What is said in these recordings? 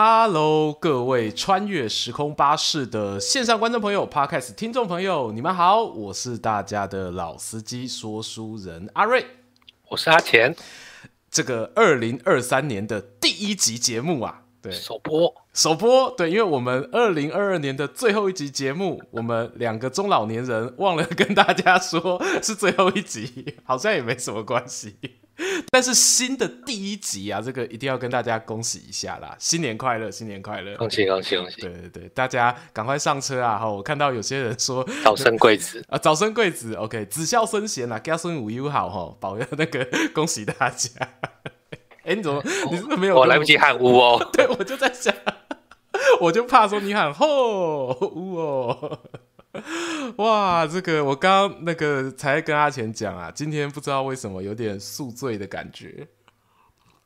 Hello，各位穿越時空巴士的線上觀眾朋友、Podcast 聽眾朋友，你們好，我是大家的老司機說書人阿瑞，我是阿田。這個二零二三年的第一集節目啊，對，首播，首播，對，因為我們二零二二年的最後一集節目，我們兩個中老年人忘了跟大家說，是最後一集，好像也沒什麼關係。但是新的第一集啊，這個一定要跟大家恭喜一下啦！新年快樂，新年快樂！恭喜恭喜恭喜！對對對，大家趕快上車啊！哈，我看到有些人說早生貴子啊，早生貴子。OK，子孝孫賢啊，家順五 U 好吼保佑那個恭喜大家！哎、 欸，你怎麼、哦、你是不是沒有我？我、哦、來不及喊嗚哦。 對，我就在想， 我就怕說你喊吼嗚哦。哇，這個我剛剛那個才跟阿錢講啊，今天不知道為什麼有點宿醉的感覺。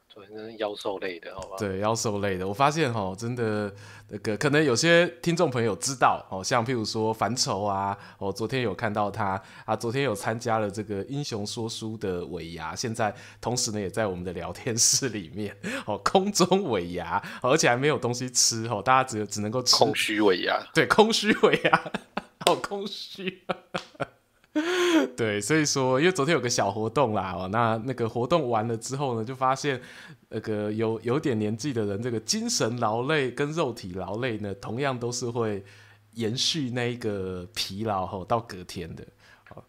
昨天妖獸類的，好吧？對，妖獸類的，我發現哈、喔，真的那、這個可能有些聽眾朋友知道哦、喔，像譬如說凡愁》啊，哦、喔，昨天有看到他啊，昨天有參加了這個英雄說書的尾牙，現在同時呢也在我們的聊天室裡面哦、喔，空中尾牙、喔，而且還沒有東西吃哦、喔，大家只有只能夠吃空虛尾牙，對，空虛尾牙。好空虛，啊， 對，所以說，因為昨天有個小活動啦，哦，那那個活動完了之後呢，就發現，那個有有點年紀的人，這個精神勞累跟肉體勞累呢，同樣都是會延續那個疲勞後到隔天的。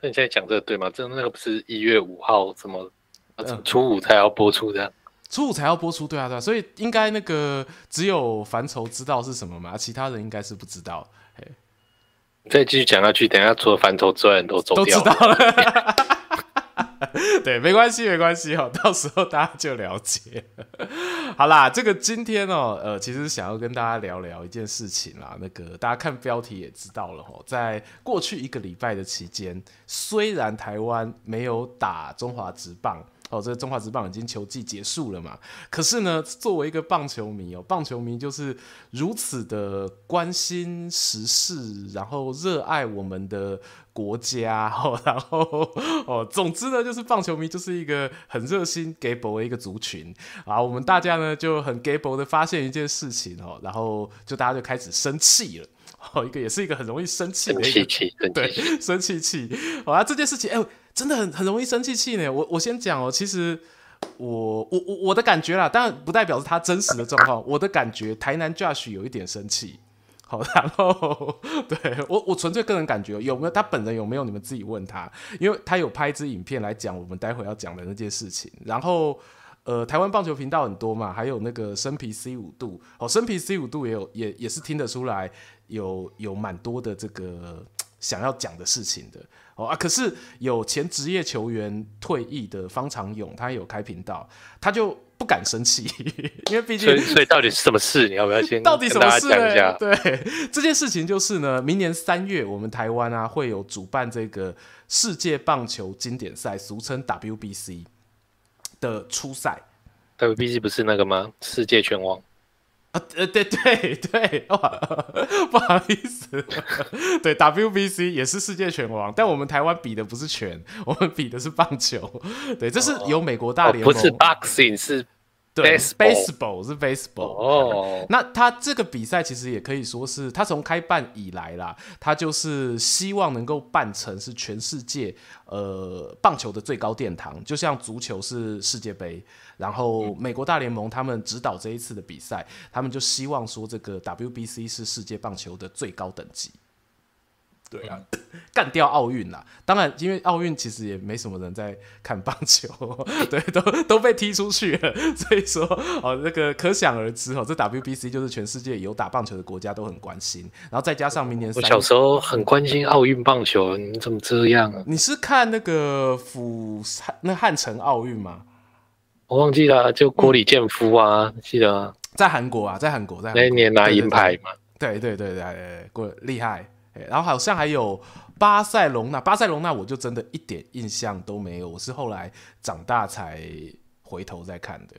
那你現在講這個對嗎？真的那個不是一月五號什麼，啊、什麼初五才要播出的？初五才要播出，對啊，對啊，所以應該那個只有凡愁知道是什麼嘛，其他人應該是不知道，哎再繼續講下去，等一下除了翻頭之外，都走掉了。都知道了 ， 對，沒關係，沒關係哦，到時候大家就了解了。好啦，這個今天哦，喔，呃，其實想要跟大家聊聊一件事情啦，那個大家看標題也知道了，喔，在過去一個禮拜的期間，雖然台灣沒有打中華職棒。哦，這個中華職棒已經球季結束了嘛？可是呢，作為一個棒球迷哦，棒球迷就是如此的關心時事，然後熱愛我們的國家，哦、然後哦，總之呢，就是棒球迷就是一個很熱心 gable 的一個族群啊。我們大家呢就很 gable 的發現一件事情哦，然後就大家就開始生氣了哦，一個也是一個很容易生氣的一個生氣氣，生氣氣對，生氣氣。好啊，這件事情哎。真的很很容易生氣氣呢。我我先講哦、喔，其實我我我我的感覺啦，但不代表是他真實的狀況。我的感覺，台南 Josh 有一點生氣。好，然後對，我我純粹個人感覺，有沒有他本人有沒有？你們自己問他，因為他有拍一支影片來講我們待會要講的那件事情。然後呃，台灣棒球頻道很多嘛，還有那個生皮 C 五度哦，生皮 C 五度也有也也是聽得出來有有蠻多的這個。想要講的事情的哦啊，可是有前職業球員退役的方長勇，他有開頻道，他就不敢生氣，因為畢竟。所以，所以到底是什麼事？你要不要先？到底什麼事、欸？對，這件事情就是呢，明年三月我們台灣啊會有主辦這個世界棒球經典賽，俗稱 WBC 的初賽。WBC 不是那個嗎？世界拳王。啊對對對，不好意思，對 WBC 也是世界拳王，但我們台灣比的不是拳，我們比的是棒球，對，這是由美國大聯盟，哦哦、不是 boxing 是。對，baseball base 是 baseball。哦、oh，那他這個比賽其實也可以說是，他從開辦以來啦，他就是希望能夠辦成是全世界呃棒球的最高殿堂，就像足球是世界杯，然後美國大聯盟他們指導這一次的比賽，他們就希望說這個 WBC 是世界棒球的最高等級。對啊，幹掉奧運啦！當然，因為奧運其實也沒什麼人在看棒球，對，都都被踢出去了。所以說，哦，那個可想而知哦，這 WBC 就是全世界有打棒球的國家都很關心。然後再加上明年，年，我小時候很關心奧運棒球，你怎麼這樣、啊嗯？你是看那個釜山那漢城奧運嗎？我忘記了，就郭李建夫啊，記得、嗯啊、在韓國啊，在韓國，在國那一年拿銀牌嘛？對，對對對對，郭厲害。然後好像還有巴塞隆納，巴塞隆納我就真的一點印象都沒有，我是後來長大才回頭再看的。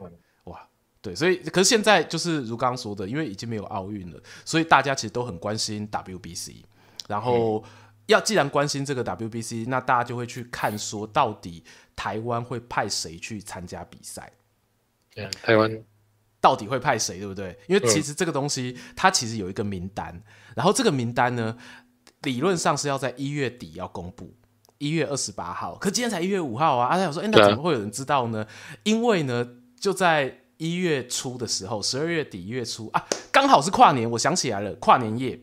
嗯、哇，對，所以可是現在就是如剛剛說的，因為已經沒有奧運了，所以大家其實都很關心 WBC。然後、嗯、要既然關心這個 WBC，那大家就會去看說到底台灣會派誰去參加比賽？對、嗯，台灣。到底會派誰，對不對？因為其實這個東西、嗯、它其實有一個名單，然後這個名單呢，理論上是要在一月底要公布，一月二十八號。可今天才一月五號啊！阿、啊、有說：“哎，那怎麼會有人知道呢？”啊、因為呢，就在一月初的時候，十二月底、一月初啊，剛好是跨年，我想起來了，跨年夜。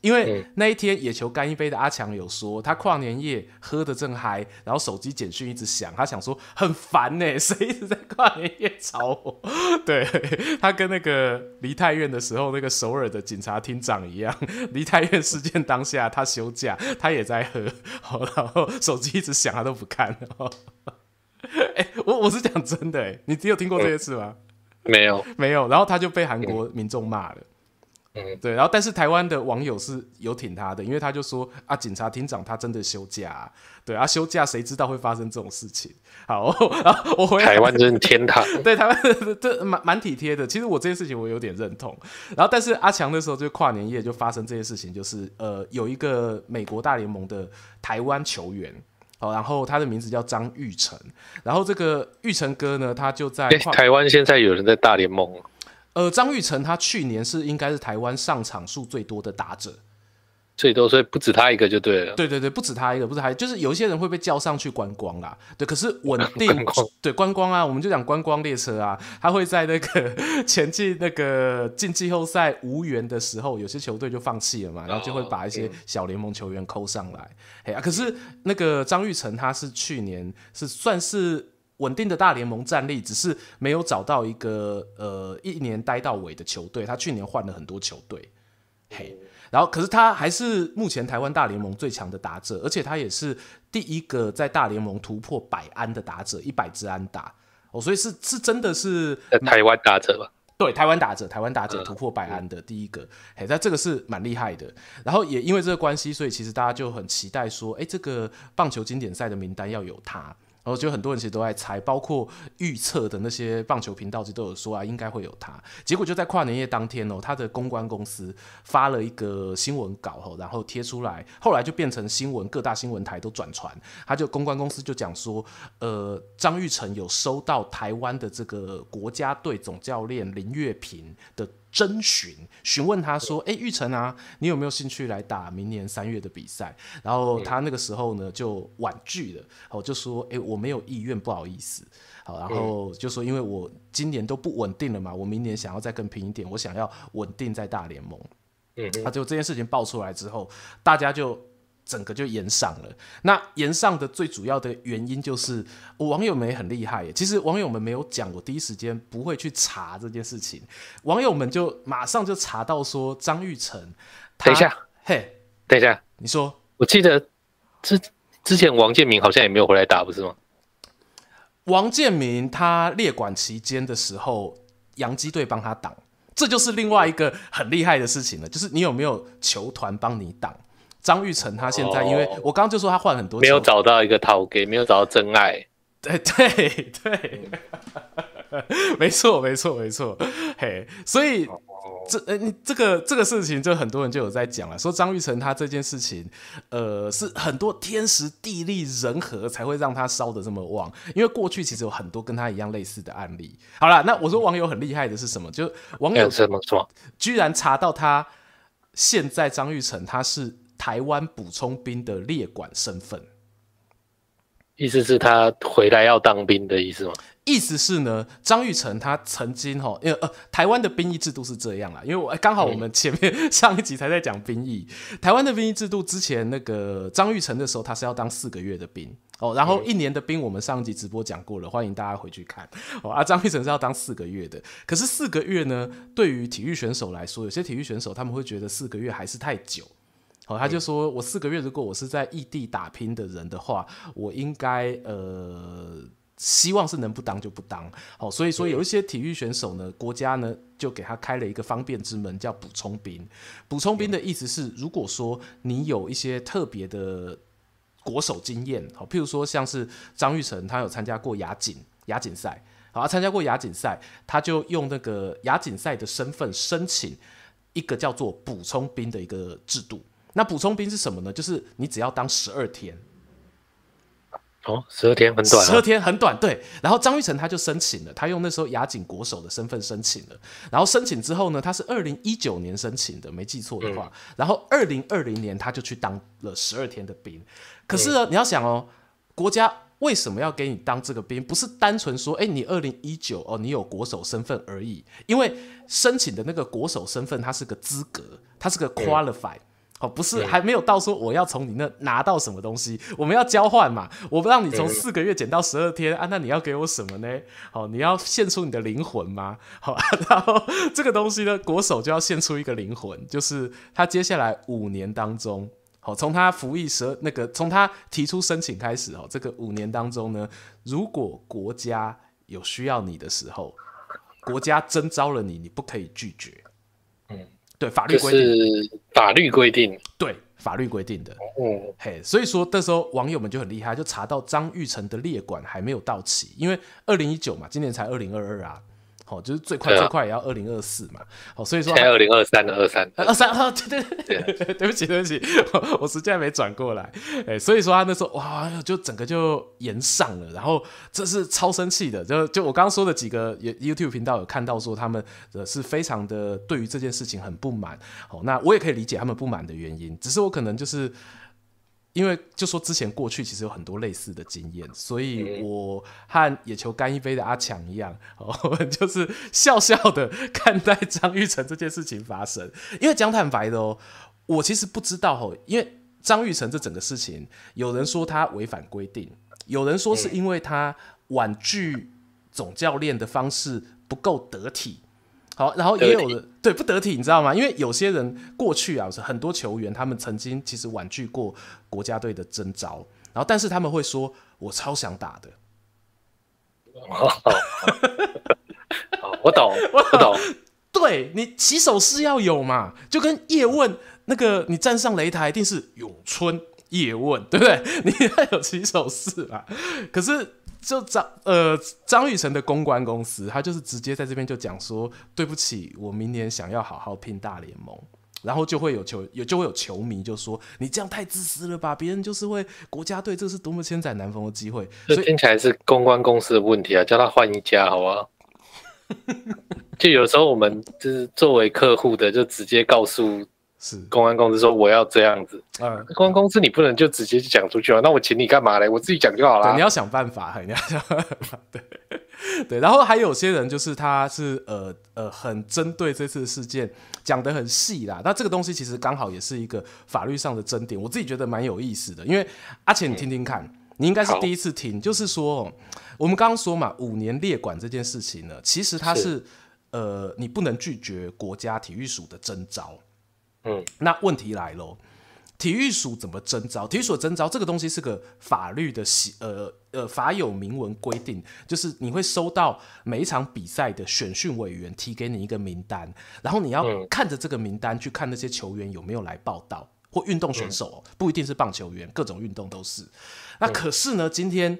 因為那一天野球乾一杯的阿強有說，他跨年夜喝得正嗨，然後手機簡訊一直響，他想說很煩呢、欸，誰一直在跨年夜找我？對，他跟那個梨泰院的時候，那個首爾的警察廳長一樣，梨泰院事件當下他休假，他也在喝好，然後手機一直響，他都不看。哎、欸，我我是講真的、欸，你只有聽過這些事嗎、嗯？沒有，沒有。然後他就被韓國民眾罵了。對，然後但是台灣的網友是有挺他的，因為他就說啊，警察廳長他真的休假、啊，對啊，休假誰知道會發生這種事情？好，然後我回台灣真是天堂，對台灣這蠻蠻體貼的。其實我這件事情我有點認同。然後但是阿強那時候就跨年夜就發生這件事情，就是呃有一個美國大聯盟的台灣球員，然後他的名字叫張育成，然後這個育成哥呢，他就在、欸、台灣現在有人在大聯盟。呃，張育成他去年是應該是台灣上場數最多的打者，最多，所以不止他一個就對了。對對對，不止他一個，不是還就是有一些人會被叫上去觀光啦、啊。對，可是穩定光對觀光啊，我們就講觀光列車啊，他會在那個前期那個進季後賽無緣的時候，有些球隊就放棄了嘛，然後就會把一些小聯盟球員摳上來。哎呀、哦啊，可是那個張育成他是去年是算是。穩定的大聯盟戰力，只是沒有找到一個呃一年待到尾的球隊。他去年換了很多球隊，嘿，然後可是他還是目前台灣大聯盟最強的打者，而且他也是第一個在大聯盟突破百安的打者，一百支安打哦，所以是是真的是在台灣打者嗎？對，台灣打者，台灣打者突破百安的第一個，嘿、呃，那這個是蠻厲害的。然後也因為這個關係，所以其實大家就很期待說，哎，這個棒球經典賽的名單要有他。然後、哦、就很多人其實都在猜，包括預測的那些棒球頻道，其實都有說啊，應該會有他。結果就在跨年夜當天哦，他的公關公司發了一個新聞稿，然後貼出來，後來就變成新聞，各大新聞台都轉傳。他就公關公司就講說，呃，張育成有收到台灣的這個國家隊總教練林岳平的。徵詢詢問他說：“誒對、欸，育成啊，你有沒有興趣來打明年三月的比賽？”然後他那個時候呢就婉拒了，好就說：“誒、欸，我沒有意願，不好意思。”好，然後就說：“因為我今年都不穩定了嘛，我明年想要再更拼一點，我想要穩定在大聯盟。對對對”嗯、啊，就這件事情爆出來之後，大家就。整個就延上了。那延上的最主要的原因就是，我網友們也很厲害耶。其實網友們沒有講，我第一時間不會去查這件事情。網友們就馬上就查到說，張育成，等一下，嘿，等一下，你說，我記得之之前王建民好像也沒有回來打，不是嗎？王建民他列管期間的時候，洋基隊幫他擋，這就是另外一個很厲害的事情了。就是你有沒有球團幫你擋？張育成他現在，oh, 因為我剛剛就說他換很多，沒有找到一個套 g a 沒有找到真愛。對對對，對對 沒錯沒錯沒錯。嘿、hey,，所以這呃這個這個事情，就很多人就有在講了，說張育成他這件事情，呃，是很多天時地利人和才會讓他燒得這麼旺。因為過去其實有很多跟他一樣類似的案例。好了，那我說網友很厲害的是什麼？就網友怎、欸、麼說，居然查到他現在張育成他是。台灣補充兵的列管身份，意思是他回來要當兵的意思嗎？意思是呢，張育成他曾經哈，因為、呃、台灣的兵役制度是這樣啦，因為我剛好我們前面、嗯、上一集才在講兵役，台灣的兵役制度之前那個張育成的時候，他是要當四個月的兵哦、喔，然後一年的兵我們上一集直播講過了，歡迎大家回去看哦、喔。啊，張育成是要當四個月的，可是四個月呢，對於體育選手來說，有些體育選手他們會覺得四個月還是太久。他就說，我四個月，如果我是在異地打拼的人的話，我應該呃，希望是能不當就不當。好，所以說有一些體育選手呢，國家呢就給他開了一個方便之門，叫補充兵。補充兵的意思是，如果說你有一些特別的國手經驗，好，譬如說像是張育成，他有參加過亞錦亞錦賽，好，參加過亞錦賽，他就用那個亞錦賽的身份申請一個叫做補充兵的一個制度。那補充兵是什麼呢？就是你只要當十二天，哦，十二天很短，啊，十二天很短。對，然後張育成他就申請了，他用那時候亞錦國手的身份申請了。然後申請之後呢，他是二零一九年申請的，沒記錯的話。嗯、然後二零二零年他就去當了十二天的兵。可是呢，欸、你要想哦，國家為什麼要給你當這個兵？不是單純說，哎、欸，你二零一九哦，你有國手身份而已。因為申請的那個國手身份，它是個資格，它是個 qualified、欸。哦，不是，還沒有到說我要從你那拿到什麼東西，我們要交換嘛？我不讓你從四個月減到十二天啊，那你要給我什麼呢？好、哦，你要獻出你的靈魂嗎？好、哦啊、然後這個東西呢，國手就要獻出一個靈魂，就是他接下來五年當中，好、哦，從他服役十二那個，從他提出申請開始哦，這個五年當中呢，如果國家有需要你的時候，國家徵召了你，你不可以拒絕。對，法律規定，法律規定，對法律規定的，定定的，嗯嘿，hey, 所以說那時候網友們就很厲害，就查到張育成的列管還沒有到期，因為二零一九嘛，今年才二零二二啊。哦，就是最快最快也要二零二四嘛。啊，哦，所以說才二零二三、二三、二三。哦，23，啊、23，對對對，對不起對不起我，我時間還沒轉過來。哎，所以說他們說哇，就整個就延上了，然後這是超生氣的。就就我剛剛說的幾個 YouTube 頻道有看到說他們呃是非常的對於這件事情很不滿。哦，那我也可以理解他們不滿的原因，只是我可能就是。因為就說之前過去其實有很多類似的經驗，所以我和野球乾一杯的阿強一樣，就是笑笑的看待張育成這件事情發生。因為講坦白的哦，我其實不知道哦，因為張育成這整個事情，有人說他違反規定，有人說是因為他婉拒總教練的方式不夠得體。好，然後也有人對，對不得體，你知道嗎？因為有些人過去啊，是很多球員，他們曾經其實婉拒過國家隊的徵召，然後但是他們會說：“我超想打的。”哦， 我懂，我懂，對你起手式要有嘛，就跟葉問那個，你站上擂台一定是詠春葉問，對不對？你要有起手式啊。可是。就張呃張育成的公關公司，他就是直接在這邊就講說：“對不起，我明年想要好好拼大聯盟，然後就會有球，有就會有球迷就說你這樣太自私了吧，別人就是為國家隊，這是多麼千載難逢的機會。”所以聽起來是公關公司的問題啊，叫他換一家好不好？ 就有時候我們就是作為客戶的，就直接告訴。是公安公司說我要這樣子，嗯，公安公司，你不能就直接講出去嗎？那我請你幹嘛嘞？我自己講就好了。你要想辦法，你要想對對，然後還有些人就是他是呃呃很針對這次的事件講得很細啦。那這個東西其實剛好也是一個法律上的爭點，我自己覺得蠻有意思的。因為阿淺，你聽聽看，嗯，你應該是第一次聽，好就是說我們剛剛說嘛，五年列管這件事情呢，其實它是，是呃你不能拒絕國家體育署的徵召。嗯、那問題來了，體育署怎麼徵召？體育署徵召這個東西是個法律的，呃呃，法有明文規定，就是你會收到每一場比賽的選訓委員提給你一個名單，然後你要看着這個名單去看那些球員有沒有來報到，或運動選手、哦，不一定是棒球員，各種運動都是。那可是呢，今天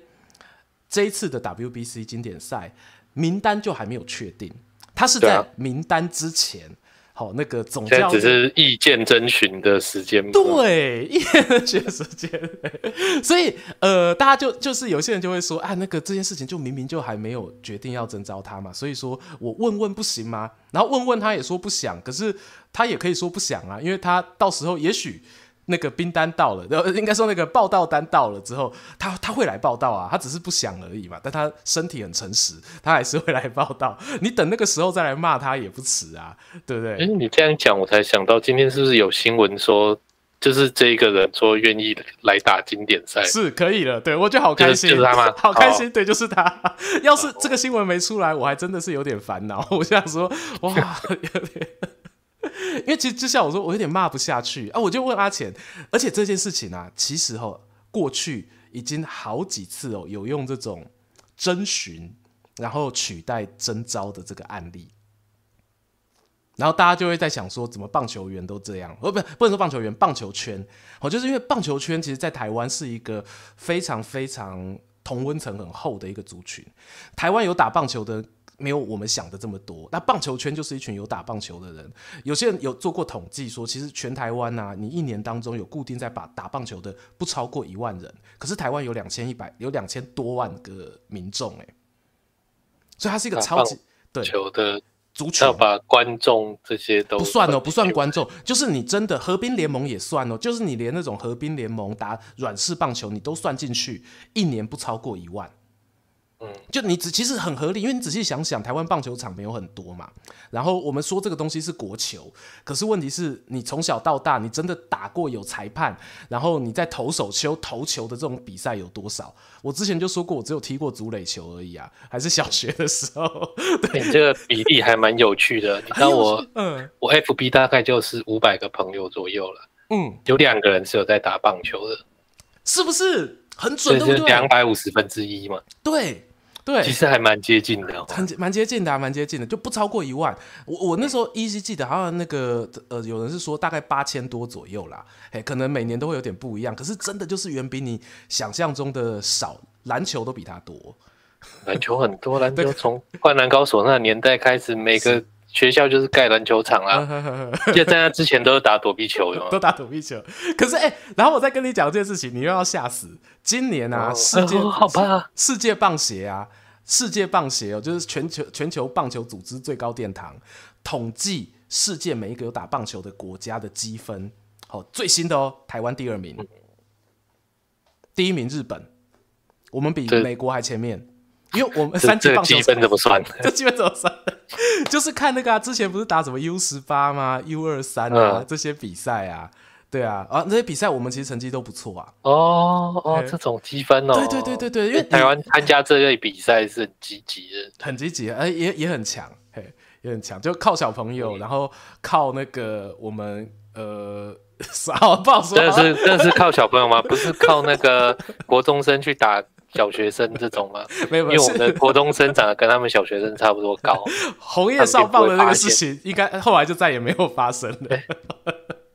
這一次的 WBC 經典賽名單就還沒有確定，它是在名單之前。好，那個總教現只是意見徵詢的時間，對，意見徵詢時間， 所以呃，大家就就是有些人就會說，啊，那個這件事情就明明就還沒有決定要徵召他嘛，所以說我問問不行嗎？然後問問他也說不想，可是他也可以說不想啊，因為他到時候也許。那個兵單到了，然後應該說那個報到單到了之後，他他會來報到啊，他只是不想而已嘛。但他身體很誠實，他還是會來報到。你等那個時候再來罵他也不遲啊，對不對？哎、欸，你這樣講我才想到，今天是不是有新聞說，就是這一個人說願意來打經典賽，是可以了。對我就好開心，就是他嗎？好開心。Oh. 對，就是他。 要是這個新聞沒出來，我還真的是有點煩惱。我想說，哇，有點。 因為其實就像我說，我有點罵不下去啊，我就問阿錢，而且這件事情啊，其實哈、喔，過去已經好幾次哦、喔，有用這種徵詢，然後取代徵召的這個案例，然後大家就會在想說，怎麼棒球員都這樣？哦，不，不能說棒球員，棒球圈哦、喔，就是因為棒球圈其實，在台灣是一個非常非常同溫層很厚的一個族群，台灣有打棒球的。沒有我們想的這麼多。那棒球圈就是一群有打棒球的人。有些人有做過統計說，說其實全台灣啊，你一年當中有固定在打打棒球的不超過一萬人。可是台灣有兩千一百，有兩千多萬個民眾哎、欸，所以它是一個超級對球的對族群。要把觀眾這些都算不算哦，不算觀眾，就是你真的河濱聯盟也算哦，就是你連那種河濱聯盟打軟式棒球你都算進去，一年不超過一萬。嗯，就你只其實很合理，因為你仔細想想，台灣棒球場沒有很多嘛。然後我們說這個東西是國球，可是問題是你從小到大，你真的打過有裁判，然後你在投手丘投球的這種比賽有多少？我之前就說過，我只有踢過足壘球而已啊，還是小學的時候。對欸、你這個比例還蠻有趣的。 很有趣嗯、你知道我，嗯，我 FB 大概就是五百個朋友左右了。嗯，有兩個人是有在打棒球的，是不是很準對不對？所以是兩百五十分之一嘛。對。對，其實還蠻接近的、哦，蠻蠻接近的、啊，蠻接近的，就不超過一萬。我我那時候依、e、稀記得，好像那個呃，有人是說大概八千多左右啦。哎，可能每年都會有點不一樣，可是真的就是遠比你想象中的少，籃球都比他多。籃球很多，籃球從灌籃高手那個年代開始，每個， 學校就是蓋籃球場啊，而、嗯嗯嗯嗯、在那之前都是打躲避球的，有有都打躲避球。可是哎、欸，然後我再跟你講這件事情，你又要嚇死。今年啊，哦、世界、哦好啊、世界棒協啊，世界棒協哦，就是全球全球棒球組織最高殿堂，統計世界每一個有打棒球的國家的積分，好、哦、最新的哦，台灣第二名，嗯、第一名日本，我們比美國還前面。就因為我們就三級棒球積分怎麼算？這積分怎麼算？ 就是看那個、啊，之前不是打什麼 U 十八嗎？U 二三啊，嗯、這些比賽啊，對啊，啊那些比賽我們其實成績都不錯啊。哦哦，哦欸、這種積分哦。對對對對對，因為、欸、台灣參加這類比賽是很積極的，很積極，哎、欸、也也很強，嘿也很強，就靠小朋友，嗯、然後靠那個我們呃啥報、哦、不好說。這是這是靠小朋友嗎？ 不是靠那個國中生去打。小學生這種嗎？沒有， 因為我們的國中生長得跟他們小學生差不多高。 紅葉少棒的那個事情，應該後來就再也沒有發生了。哎、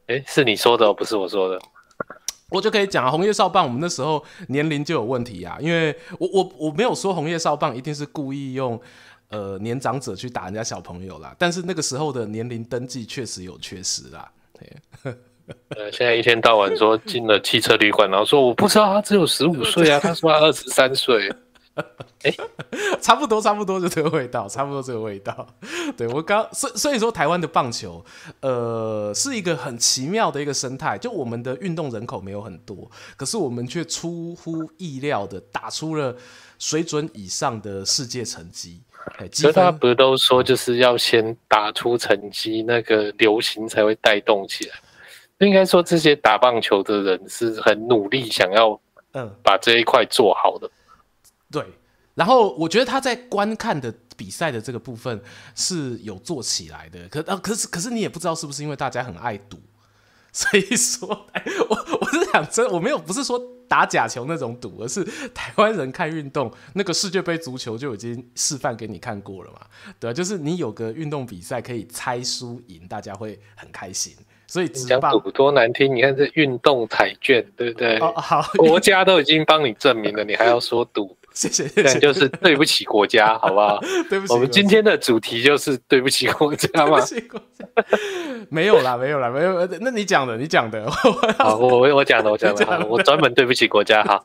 欸欸，是你說的，喔，不是我說的。 我就可以講、啊、紅葉少棒，我們那時候年齡就有問題啊，因為我我我沒有說紅葉少棒一定是故意用呃年長者去打人家小朋友啦，但是那個時候的年齡登記確實有缺失啦。對 呃，現在一天到晚說，進了汽車旅館，然後說我不知道他只有十五歲啊，對他說他二十三歲。哎對，欸、差不多差不多就這個味道，差不多這個味道。對，我剛，所以所以說，臺灣的棒球，呃，是一個很奇妙的一個生態。就我們的運動人口沒有很多，可是我們卻出乎意料的打出了水準以上的世界成績。所其實大家不都說就是要先打出成績，那個流行才會帶動起來。應該說，這些打棒球的人是很努力，想要嗯，把這一塊做好的，嗯。對，然後我覺得他在觀看的比賽的這個部分是有做起來的。可啊，可是可是你也不知道是不是因為大家很愛賭，所以說我我是想說，我沒有不是說打假球那種賭，而是台灣人看運動那個世界杯足球就已經示範給你看過了嘛。對啊，就是你有個運動比賽可以猜輸贏，大家會很開心。所以講賭多難聽，你看這運動彩券，對不對？哦、好，國家都已經幫你證明了， 你還要說賭？謝謝，就是對不起國家，好不好？ 對不起。我們今天的主題就是對不起國家嗎？ 沒有啦，沒有啦，沒有啦。那你講的，你講的，好，我我講的，我講的，我專門對不起國家哈。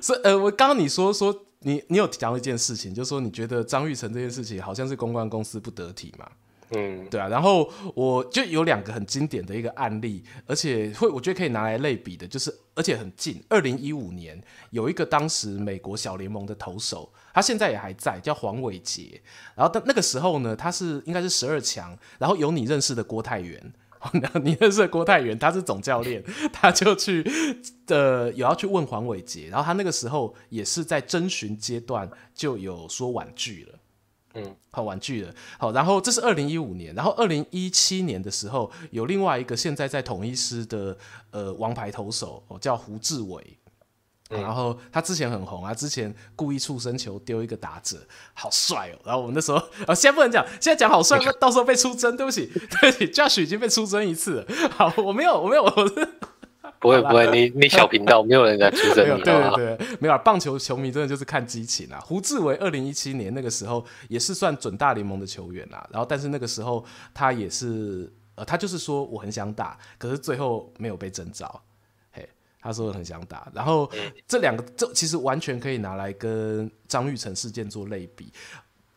所以，呃，我剛剛你說說你，你你有講一件事情，就是、說你覺得張育成這件事情好像是公關公司不得體嘛？嗯，對啊，然後我就有兩個很經典的一個案例，而且會我覺得可以拿來類比的，就是而且很近。二零一五年有一個當時美國小聯盟的投手，他現在也還在，叫黃偉杰。然後但那個時候呢，他是應該是十二強，然後有你認識的郭泰源，然後你認識的郭泰源，他是總教練，他就去呃有要去問黃偉杰，然後他那個時候也是在徵詢階段就有說婉拒了。嗯，好玩具的好，然後這是二零一五年，然後二零一七年的時候有另外一個現在在統一獅的呃王牌投手，哦、叫胡志偉、嗯啊，然後他之前很紅啊，之前故意觸身球丟一個打者，好帥哦，然後我們那時候啊，先不能講，現在講好帥，到時候被出征，對不起，對不起，Josh 已經被出征一次了，好，我沒有，我沒有，我是。不會不會，你你小頻道沒有人敢出聲，你知道吧好啦 對對，沒有、啊。棒球球迷真的就是看激情啊！胡志偉二零一七年那個時候也是算準大聯盟的球員啊。然後但是那個時候他也是，呃，他就是說我很想打，可是最後沒有被徵召。嘿，他說很想打，然後這兩個這其實完全可以拿來跟張育成事件做類比。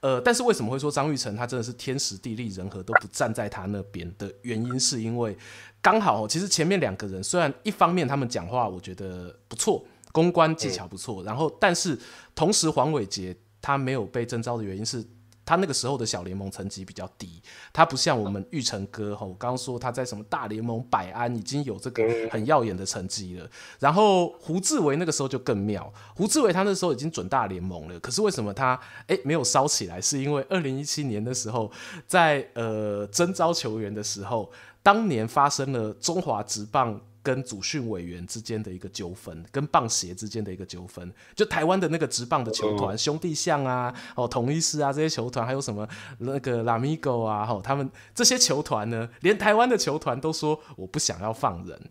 呃，但是為什麼會說張育成他真的是天時地利人和都不站在他那邊的原因，是因為剛好其實前面兩個人雖然一方面他們講話我覺得不錯，公關技巧不錯，嗯、然後但是同時黃偉杰他沒有被徵召的原因是。他那個時候的小聯盟成績比較低，他不像我們育成哥吼，我剛剛說他在什麼大聯盟百安已經有這個很耀眼的成績了。然後胡智為那個時候就更妙，胡智為他那時候已經準大聯盟了，可是為什麼他誒、欸、沒有燒起來？是因為二零一七年的時候在，在呃徵召球員的時候，當年發生了中華職棒。跟組訓委員之間的一個糾紛，跟棒協之間的一個糾紛，就台灣的那個職棒的球團，嗯、兄弟象啊，哦，統一獅啊，這些球團，還有什麼那個拉米戈啊，哦，他們這些球團呢，連台灣的球團都說我不想要放人。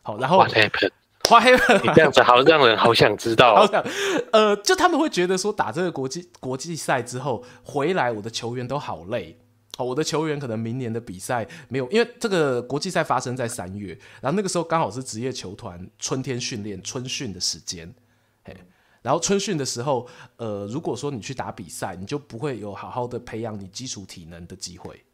好，然後 What happened？What happened？你這樣子好讓人好想知道，啊。 好想，呃，就他們會覺得說打這個國際國際賽之後回來，我的球員都好累。哦，我的球員可能明年的比賽沒有，因為這個國際賽發生在三月，然後那個時候剛好是職業球團春天訓練春訓的時間，嘿，然後春訓的時候，呃，如果說你去打比賽，你就不會有好好的培養你基礎體能的機會。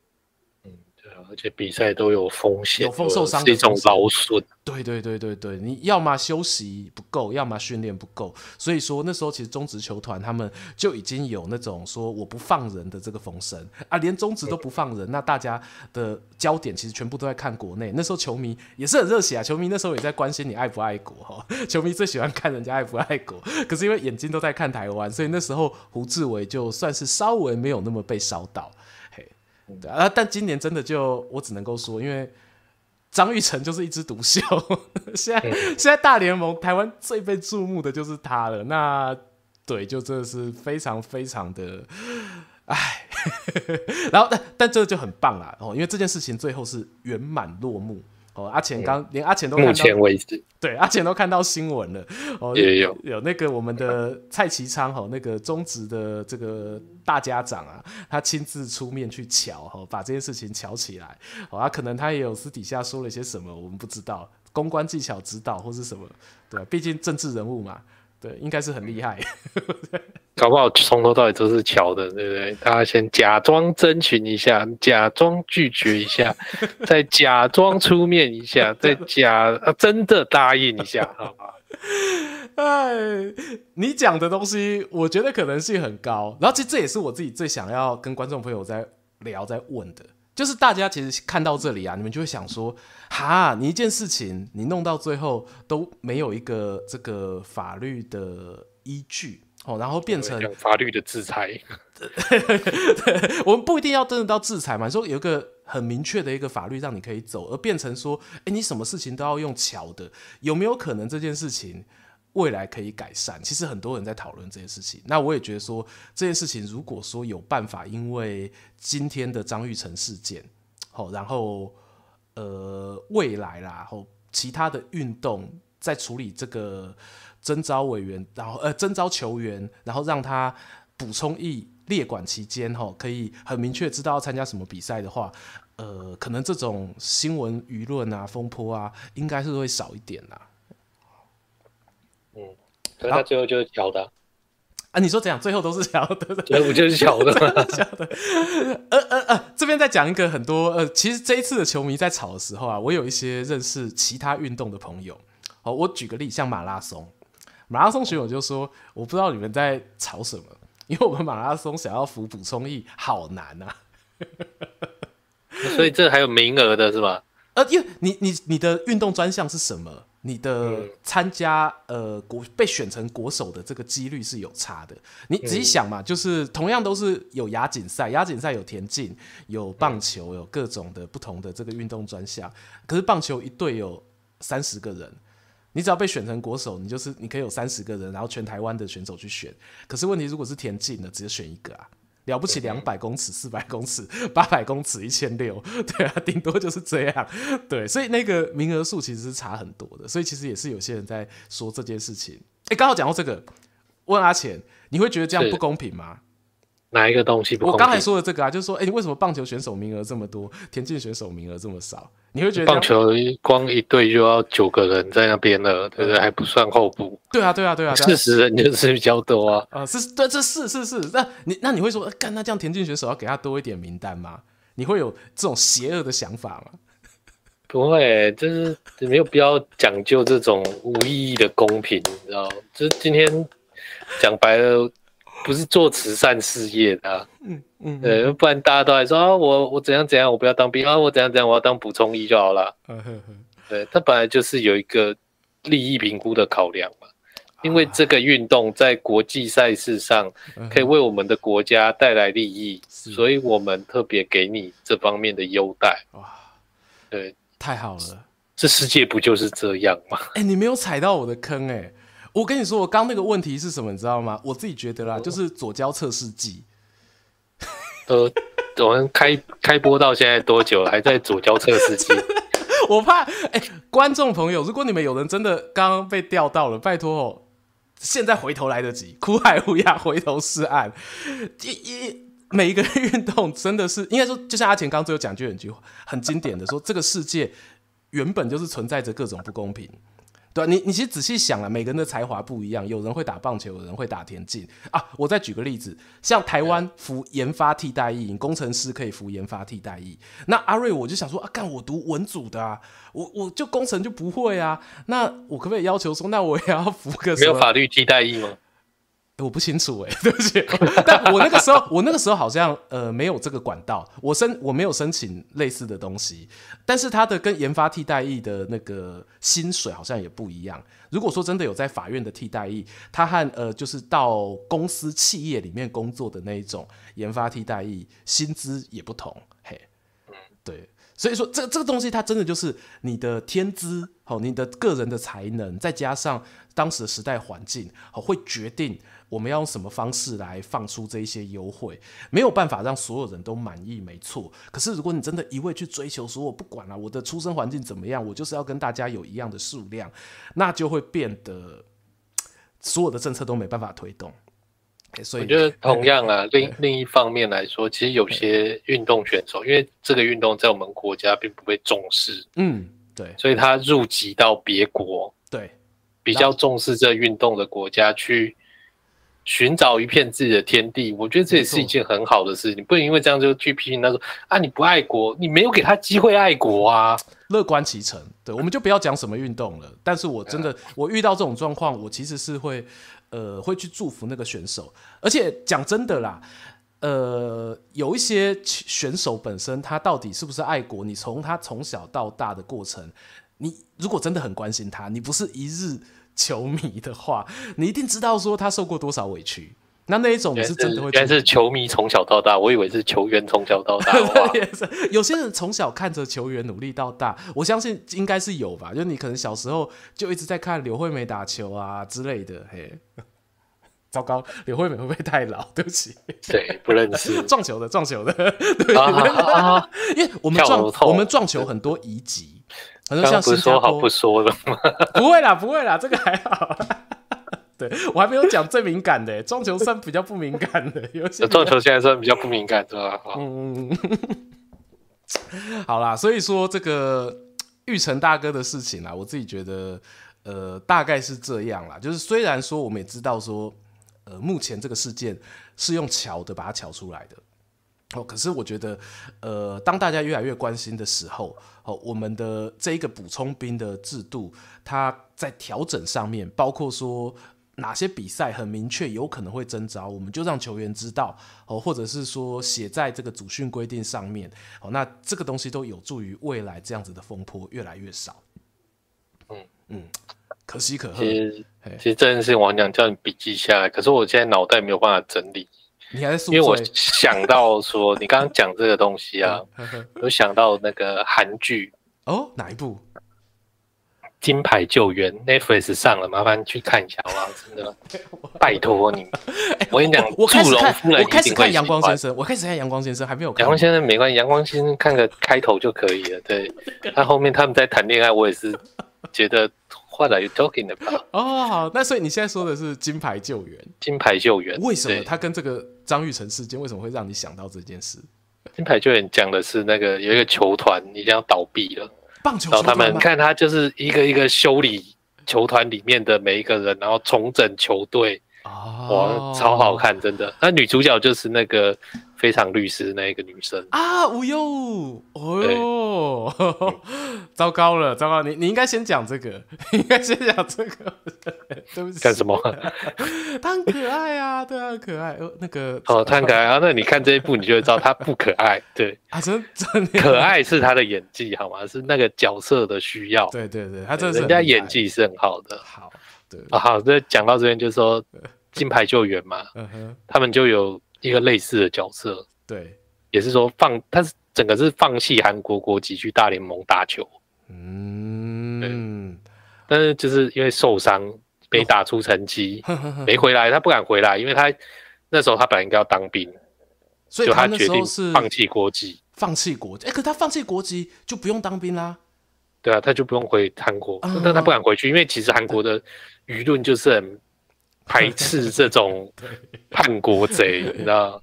而且比賽都有風險，有風受傷是一種勞損。對對對對對，你要麼休息不夠，要麼訓練不夠。所以說那時候其實中職球團他們就已經有那種說我不放人的這個風聲啊，連中職都不放人，對，那大家的焦點其實全部都在看國內。那時候球迷也是很熱血啊，球迷那時候也在關心你愛不愛國哈、哦。球迷最喜歡看人家愛不愛國，可是因為眼睛都在看台灣，所以那時候胡志偉就算是稍微沒有那麼被燒到。啊，但今年真的就我只能夠說，因為張育成就是一枝獨秀。現在、嗯、現在大聯盟台灣最被注目的就是他了。那對，就真的是非常非常的，唉。呵呵，然後但但這就很棒啦哦，因為這件事情最後是圓滿落幕哦。阿錢剛、嗯、連阿錢都看到，目前為止，對阿錢都看到新聞了哦，也有有，有那個我們的蔡其昌哦，那個中職的這個。大家長啊，他親自出面去瞧哈，把這件事情瞧起來。哦，他、啊、可能他也有私底下說了些什麼，我們不知道。公關技巧指導或是什麼？對，畢竟政治人物嘛，對，應該是很厲害。嗯、 搞不好從頭到尾都是瞧的，對不對？大家先假裝徵詢一下，假裝拒絕一下， 再假裝出面一下，再假、 啊、真的答應一下，好不好？ 哎， 你講的東西，我覺得可能性很高。然後其實這也是我自己最想要跟觀眾朋友在聊、在問的，就是大家其實看到這裡啊，你們就會想說，哈，你一件事情你弄到最後都沒有一個這個法律的依據哦，然後變成法律的制裁 對。我們不一定要真的到制裁嘛，說有個。很明確的一個法律讓你可以走，而變成說，誒，你什麼事情都要用喬的，有沒有可能這件事情未來可以改善？其實很多人在討論這件事情，那我也覺得說這件事情，如果說有辦法，因為今天的張育成事件，好，然後呃，未來啦，然後其他的運動在處理這個徵召委員，然後呃徵召球員，然後讓他補充一。列管期間哈、喔，可以很明確知道要參加什麼比賽的話，呃，可能這種新聞輿論啊、風波啊，應該是會少一點啦、啊。嗯，所以他最後就是巧的啊？你說怎樣？最後都是巧的，對不？就是巧的， 的，巧 的。 呃呃呃，這邊在講一個很多呃，其實這一次的球迷在吵的時候啊，我有一些認識其他運動的朋友。哦，我舉個例，像馬拉松，馬拉松選手就說：“我不知道你們在吵什麼。”因為我們馬拉松想要服補充役好難吶、啊， 所以這還有名額的是吧？呃，因為你你你的運動專項是什麼？你的參加、嗯、呃國被選成國手的這個幾率是有差的。你仔細想嘛，嗯、就是同樣都是有亞錦賽，亞錦賽有田徑、有棒球、有各種的不同的這個運動專項，嗯、可是棒球一隊有三十個人。你只要被選成國手，你就是你可以有三十個人，然後全台灣的選手去選。可是問題是如果是田徑的，直接選一個啊，了不起兩百公尺、四百公尺、八百公尺、一千六，對啊，頂多就是這樣。對，所以那個名額數其實是差很多的。所以其實也是有些人在說這件事情。誒、欸，剛好講到這個，問阿淺，你會覺得這樣不公平嗎？哪一個東西我剛才說的這個啊，就是說，哎、欸，為什麼棒球選手名額這麼多，田徑選手名額這麼少？你會覺得棒球光一隊就要九個人在那邊了，對不對？嗯、還不算候補、啊。對啊，對啊，對啊，四十人就是比較多啊。嗯、啊，是，對，這是是是。那你那你會說，幹、呃、那這樣田徑選手要給他多一點名單嗎？你會有這種邪惡的想法嗎？不會，就是你沒有必要講究這種無意義的公平，你知道？就是今天講白了。 不是做慈善事業的、啊嗯，嗯嗯，對，不然大家都還說啊，我我怎樣怎樣，我不要當兵啊，我怎樣怎樣，我要當補充醫就好了。嗯哼哼，對他本來就是有一個利益評估的考量嘛，因為這個運動在國際賽事上可以為我們的國家帶來利益，啊、呵呵，所以我們特別給你這方面的優待。哇，對，太好了，這世界不就是這樣嗎？哎、欸，你沒有踩到我的坑哎、欸。我跟你說，我剛那個問題是什麼，你知道嗎？我自己覺得啦，哦、就是左膠測試劑。 呃，我們開開播到現在多久， 還在左膠測試劑？我怕，哎、欸，觀眾朋友，如果你們有人真的剛剛被釣到了，拜托哦，現在回頭來得及，苦海無涯回頭是岸。第一每一個運動真的是，應該說，就像阿錢剛剛最後講一句很句很經典的，說這個世界原本就是存在着各種不公平。對，你你其實仔細想了，每個人的才華不一樣，有人會打棒球，有人會打田徑啊。我再舉個例子，像台灣服研發替代役，工程師可以服研發替代役。那阿瑞，我就想說啊，幹我讀文組的，啊，我我就工程就不會啊。那我可不可以要求說，那我也要服個什麼，沒有法律替代役嗎？欸、我不清楚哎、欸，對不起，但我那個時候，我那個時候好像呃沒有這個管道，我申我沒有申請類似的東西，但是它的跟研發替代役的那個薪水好像也不一樣。如果說真的有在法院的替代役，他和呃就是到公司企業裡面工作的那一種研發替代役，薪資也不同。嘿，嗯，對，所以說這這個東西，它真的就是你的天資哦，你的個人的才能，再加上當時的時代環境哦，會決定。我們要用什麼方式來放出這些優惠？沒有辦法讓所有人都滿意，沒錯。可是如果你真的一味去追求說，說我不管了，啊，我的出生環境怎麼樣，我就是要跟大家有一樣的數量，那就會變得所有的政策都沒辦法推動。所以我覺得，同樣啊， 對另對另一方面來說，其實有些運動選手，對因為這個運動在我們國家並不被重視，嗯，對，所以他入籍到別國，對，比較重視這運動的國家去。尋找一片自己的天地，我覺得這也是一件很好的事情。不能因為這樣就去批評那個啊！你不愛國，你沒有給他機會愛國啊！樂觀其成，對，我們就不要講什麼運動了。嗯。但是我真的，我遇到這種狀況，我其實是會，呃，會去祝福那個選手。而且講真的啦，呃，有一些選手本身他到底是不是愛國？你從他從小到大的過程，你如果真的很關心他，你不是一日。球迷的話，你一定知道說他受過多少委屈。那那一種你是真的會覺得，但是球迷從小到大，我以為是球員從小到大 有些人從小看着球員努力到大，我相信應該是有吧。就你可能小時候就一直在看劉慧美打球啊之類的。嘿，糟糕，劉慧美會不會太老？對不起，對，不認識 撞球的、撞球的，對的，啊啊啊、 因為我們撞我們撞球很多遺跡像剛剛不是說好不說的嘛， 不會啦，不會啦，這個還好。 對，我還沒有講最敏感的，撞球算比較不敏感的，有些撞球現在算比較不敏感的啊。 嗯， 好啦，所以說這個育成大哥的事情啦，我自己覺得，呃，大概是這樣啦。就是雖然說我們也知道說，呃，目前這個事件是用喬的把它喬出來的。哦，可是我覺得，呃，當大家越來越關心的時候，哦，我們的這一個補充兵的制度，它在調整上面，包括說哪些比賽很明確有可能會徵召，我們就讓球員知道，哦，或者是說寫在這個組訓規定上面，哦，那這個東西都有助於未來這樣子的風波越來越少。嗯嗯，可喜可賀。其實這件事情我想叫你筆記下來，可是我現在腦袋沒有辦法整理。你還因為我想到說， 你剛剛講這個東西啊， 我想到那個韓劇哦，哪一部？金牌救援 Netflix 上了，麻煩去看一下哇，真的， 我拜託你。 欸、我跟你講，祝融夫人，我開始看陽光先生，我開始看陽光先生，還沒有看陽光先生沒關係，陽光先生看個開頭就可以了。對，那 後面他們在談戀愛，我也是覺得。What are you talking about？哦，好，那所以你現在說的是《金牌救援》。《金牌救援》為什麼他跟這個張育成事件為什麼會讓你想到這件事？《金牌救援》講的是那個有一個球團已經要倒閉了，棒球，然後他們看他就是一個一個修理球團裡面的每一個人，然後重整球隊。哦，超好看，真的。那女主角就是那個。非常律師的那一個女生啊，吳優哦呦，對嗯、糟糕了，糟糕，你你應該先講這個，你應該先講這個， 對不起，幹什麼？ 他很可愛啊，對啊，很可愛哦。那個哦，他很可愛啊。那你看這一部，你就會知道他不可愛，對啊，真真、啊、可愛是他的演技好嗎？是那個角色的需要，對對對，他真的是人家演技是很好的，好，對，對，對啊，好，那講到這邊就是說金對牌救援嘛，嗯、哼他們就有。一個類似的角色，對，也是說放，他是整個是放棄韓國國籍去大聯盟打球，嗯，對，但是就是因為受傷沒打出成績，呦 沒回來，他不敢回來，因為他那時候他本來應該要當兵，所以他決定放棄國籍，放棄國、欸、國籍，可他放棄國籍就不用當兵啦，啊，對啊，他就不用回韓國，嗯、但他不敢回去，因為其實韓國的輿論就是很排斥這種叛國賊， 對 你知道？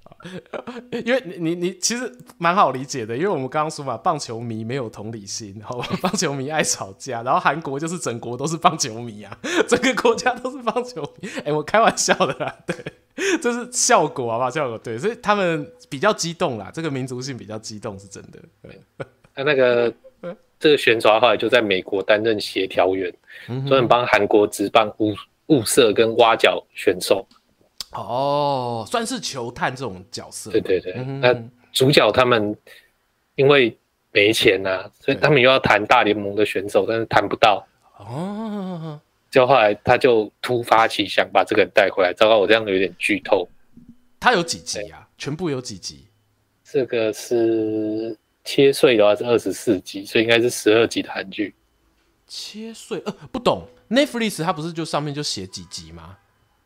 因為你你你其實蠻好理解的，因為我們剛剛說嘛，棒球迷沒有同理心，然後棒球迷愛吵架，然後韓國就是整國都是棒球迷啊，整個國家都是棒球迷。哎、欸，我開玩笑的啦，對，這是效果好不好，效果。對，所以他們比較激動啦，這個民族性比較激動是真的。對，啊、那個這個宣傳後來就在美國擔任協調員，所以專門幫韓國職棒。 物色跟挖角選手，哦，算是球探這種角色。對對對，嗯、哼那主角他們因為沒錢吶、啊，對所以他們又要談大聯盟的選手，但是談不到。哦，就後來他就突發奇想，把這個人帶回來。糟糕，我這樣子有點劇透。他有幾集啊？對全部有幾集？這個是切碎的話是二十四集，所以應該是十二集的韓劇。切碎？呃，不懂。Netflix 它不是就上面就寫幾集嗎？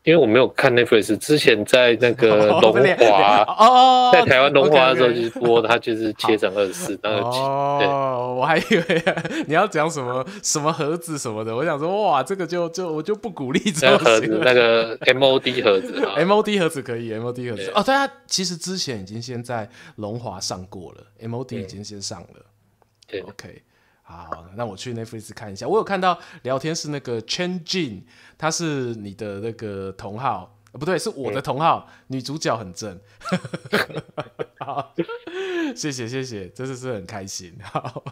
因為我沒有看 Netflix，之前在那個龍華哦，在台灣龍華的時候就播，它就是切成二十四、二十七。哦，我還以為你要講什麼什麼盒子什麼的，我想說哇，這個就就我就不鼓勵這個盒子。那個 MOD 盒子，MOD 盒子可以，MOD 盒子哦，對啊，其實之前已經先在龍華上過了，MOD 已經先上了，對，OK。好，那我去 Netflix 看一下。我有看到聊天室那個 Chen Jin，他是你的那個同好，啊、不對，是我的同好。嗯、女主角很正， 好， 謝謝謝謝，真的是很開心。好，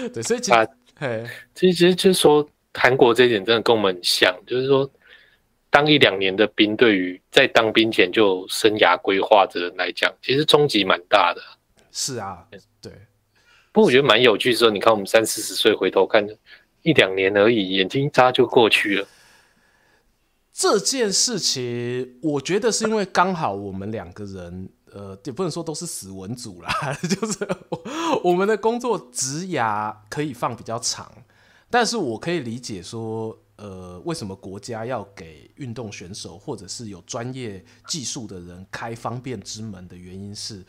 嗯、對，所以其實、啊、嘿其實就是說，韓國這一點真的跟我們很像，就是說，當一兩年的兵，對於在當兵前就生涯規劃的人來講，其實衝擊蠻大的。是啊，對。不過我覺得蠻有趣的時候你看我們三四十歲回頭看，一兩年而已，眼睛一眨就過去了。這件事情，我覺得是因為剛好我們兩個人，呃，也不能說都是死文組啦，就是我,我們的工作職涯可以放比較長，但是我可以理解說。呃，為什麼國家要給運動選手或者是有專業技術的人開方便之門的原因是，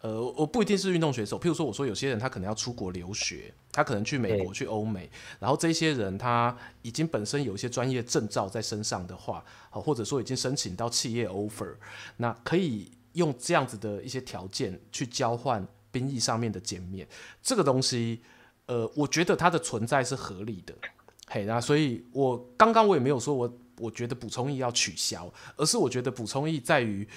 呃，我不一定是運動選手，譬如說，我說有些人他可能要出國留學，他可能去美國、對去歐美，然後這些人他已經本身有一些專業證照在身上的話，好，或者說已經申請到企業 offer，那可以用這樣子的一些條件去交換兵役上面的減免，這個東西，呃，我覺得它的存在是合理的。Hey, 那所以，我剛剛我也沒有說我我覺得補充役要取消，而是我覺得補充役在於，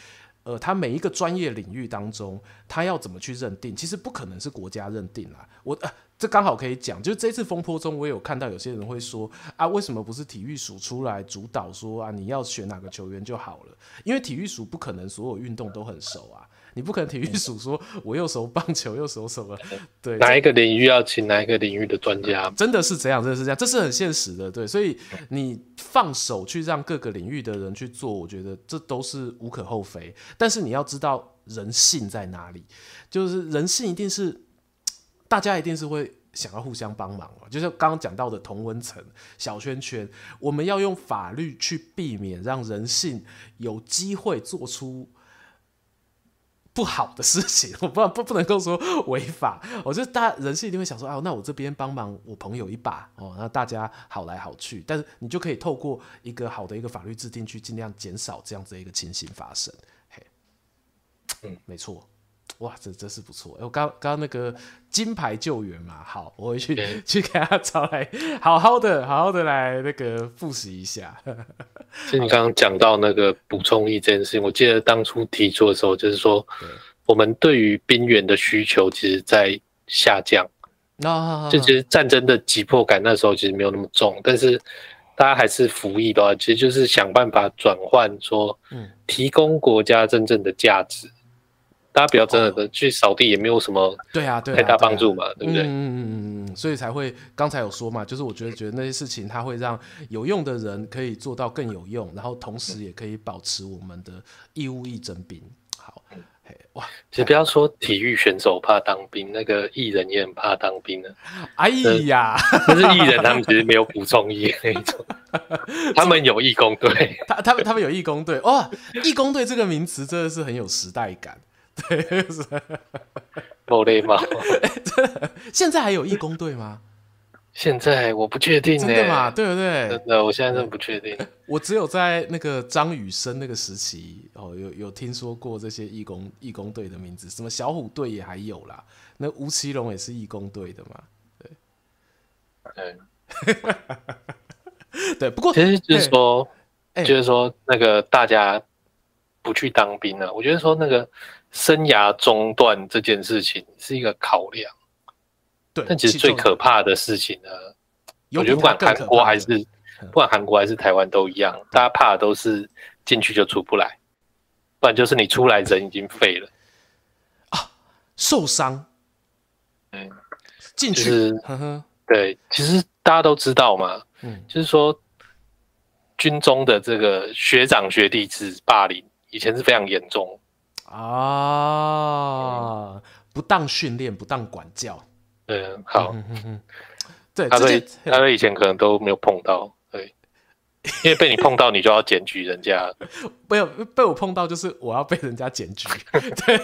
呃，他每一個專業領域當中，他要怎麼去認定，其實不可能是國家認定啦。我呃、啊，這剛好可以講，就這次風波中，我也有看到有些人會說啊，為什麼不是體育署出來主導說啊，你要選哪個球員就好了？因為體育署不可能所有運動都很熟啊。你不可能體育署說，我又熟棒球又熟什麼？對，哪一個領域要請哪一個領域的專家？真的是這樣，真的是這樣，這是很現實的，對。所以你放手去讓各個領域的人去做，我覺得這都是無可厚非。但是你要知道人性在哪裡，就是人性一定是大家一定是會想要互相幫忙嘛，就像剛剛講到的同溫層、小圈圈，我們要用法律去避免讓人性有機會做出，不好的事情，我不不不能夠說違法。我覺得大人性一定會想說，哦、啊，那我這邊幫忙我朋友一把哦，那大家好來好去。但是你就可以透過一個好的一個法律制定，去盡量減少這樣子一個情形發生。嘿，嗯，沒錯。哇，這真是不錯！哎，我剛，剛剛那個金牌救援嘛，好，我回去 Okay. 去給他找來，好好的，好好的來那個複習一下。 就你剛剛講到那個補充一件事情，我記得當初提出的時候，就是說，嗯、我們對於兵員的需求其實在下降，那、oh, oh, oh, oh. 就其實戰爭的急迫感那時候其實沒有那麼重，但是大家還是服役的話，其實就是想辦法轉換，說，嗯，提供國家真正的價值。大家不要真的哦哦哦，去掃地，也沒有什麼對啊，太大幫助嘛，對，啊、對不對？嗯嗯嗯嗯嗯，所以才會剛才有說嘛，就是我覺得，覺得那些事情，它會讓有用的人可以做到更有用，然後同時也可以保持我們的義務役徵兵。好，哇，其實不要說體育選手怕當兵，嗯、那個藝人也很怕當兵的，啊。哎呀，那 但是藝人，他們其實沒有補充兵那一種，他們有義工隊，他他他們有義工隊。哇，義工隊這個名詞真的是很有時代感。 對，就是不累嗎？現在還有義工隊嗎？現在我不確定。真的嗎？對不對？真的，我現在真的不確定。我只有在那個張雨生那個時期，哦，有有聽說過這些義工義工隊的名字，什麼小虎隊也還有啦。那吳奇隆也是義工隊的嘛？對，對， 對。不過，其實就是說，欸、就是說，那個大家不去當兵了、啊，我覺得說那個。生涯中斷這件事情是一個考量，對但其實最可怕的事情呢，我覺得不管韓國還是、嗯、不管韓國還是台灣都一樣，嗯、大家怕的都是進去就出不來，不然就是你出來人已經廢了、嗯、啊，受傷。嗯，進去，對，其實大家都知道嘛，嗯，就是說軍中的這個學長學弟是霸凌，以前是非常嚴重。啊！不當訓練，不當管教。嗯，好。嗯、哼哼對，他們對，己他們以前可能都沒有碰到。對， 因為被你碰到，你就要檢舉人家。沒有，被我碰到就是我要被人家檢舉。 對，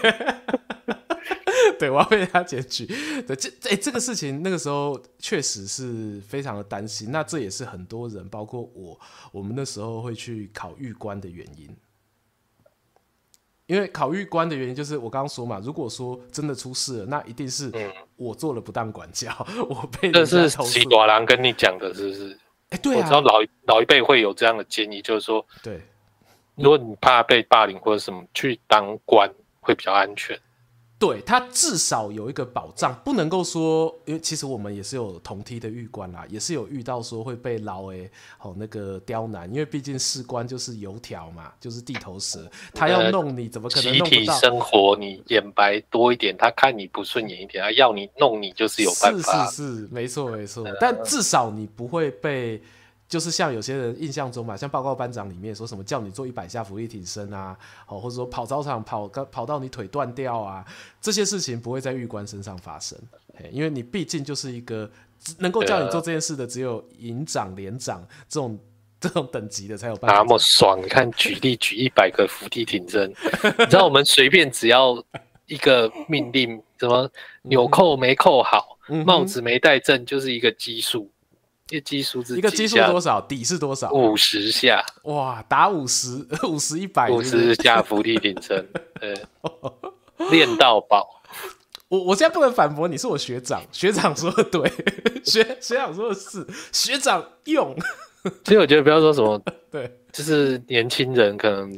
對，我要被人家檢舉。對，這、欸、哎，這個事情那個時候確實是非常的擔心。那這也是很多人，包括我，我們那時候會去考預官的原因。因為考慮官的原因，就是我剛剛說嘛，如果說真的出事了，那一定是我做了不當管教，嗯、我被這是習朵郎跟你講的是不是？哎，對、啊、我知道老一老一輩會有這樣的建議，就是說，對，如果你怕被霸凌或者什麼，我去當官會比較安全。對，他至少有一個保障，不能夠說，因為其實我們也是有同梯的預官啦，也是有遇到說會被撈誒，哦那個刁難，因為畢竟士官就是油條嘛，就是地頭蛇，他要弄你怎麼可能弄集體生活，你眼白多一點，他看你不順眼一點，他要你弄你就是有辦法，是是是，沒錯沒錯，嗯、但至少你不會被。就是像有些人印象中嘛，像報告班長裡面說什麼叫你做一百下伏地挺身啊，哦，或者說跑操場跑，跑到你腿斷掉啊，這些事情不會在預官身上發生，因為你畢竟就是一個能夠叫你做這件事的，只有營長、連長、呃、這種這種等級的才有辦法。那麼爽。你看，舉例舉一百個伏地挺身， 你知道我們隨便只要一個命令，什麼紐扣沒扣好，嗯、帽子沒戴正，就是一個基數。嗯技是一個基數多少底是多少？五十下哇！打五十五十，一百五十下伏地挺身，呃， 練到飽。我我現在不能反駁你，是我學長，學長說的對， 學學長說的是學長用。所以我覺得不要說什麼， 對，就是年輕人可能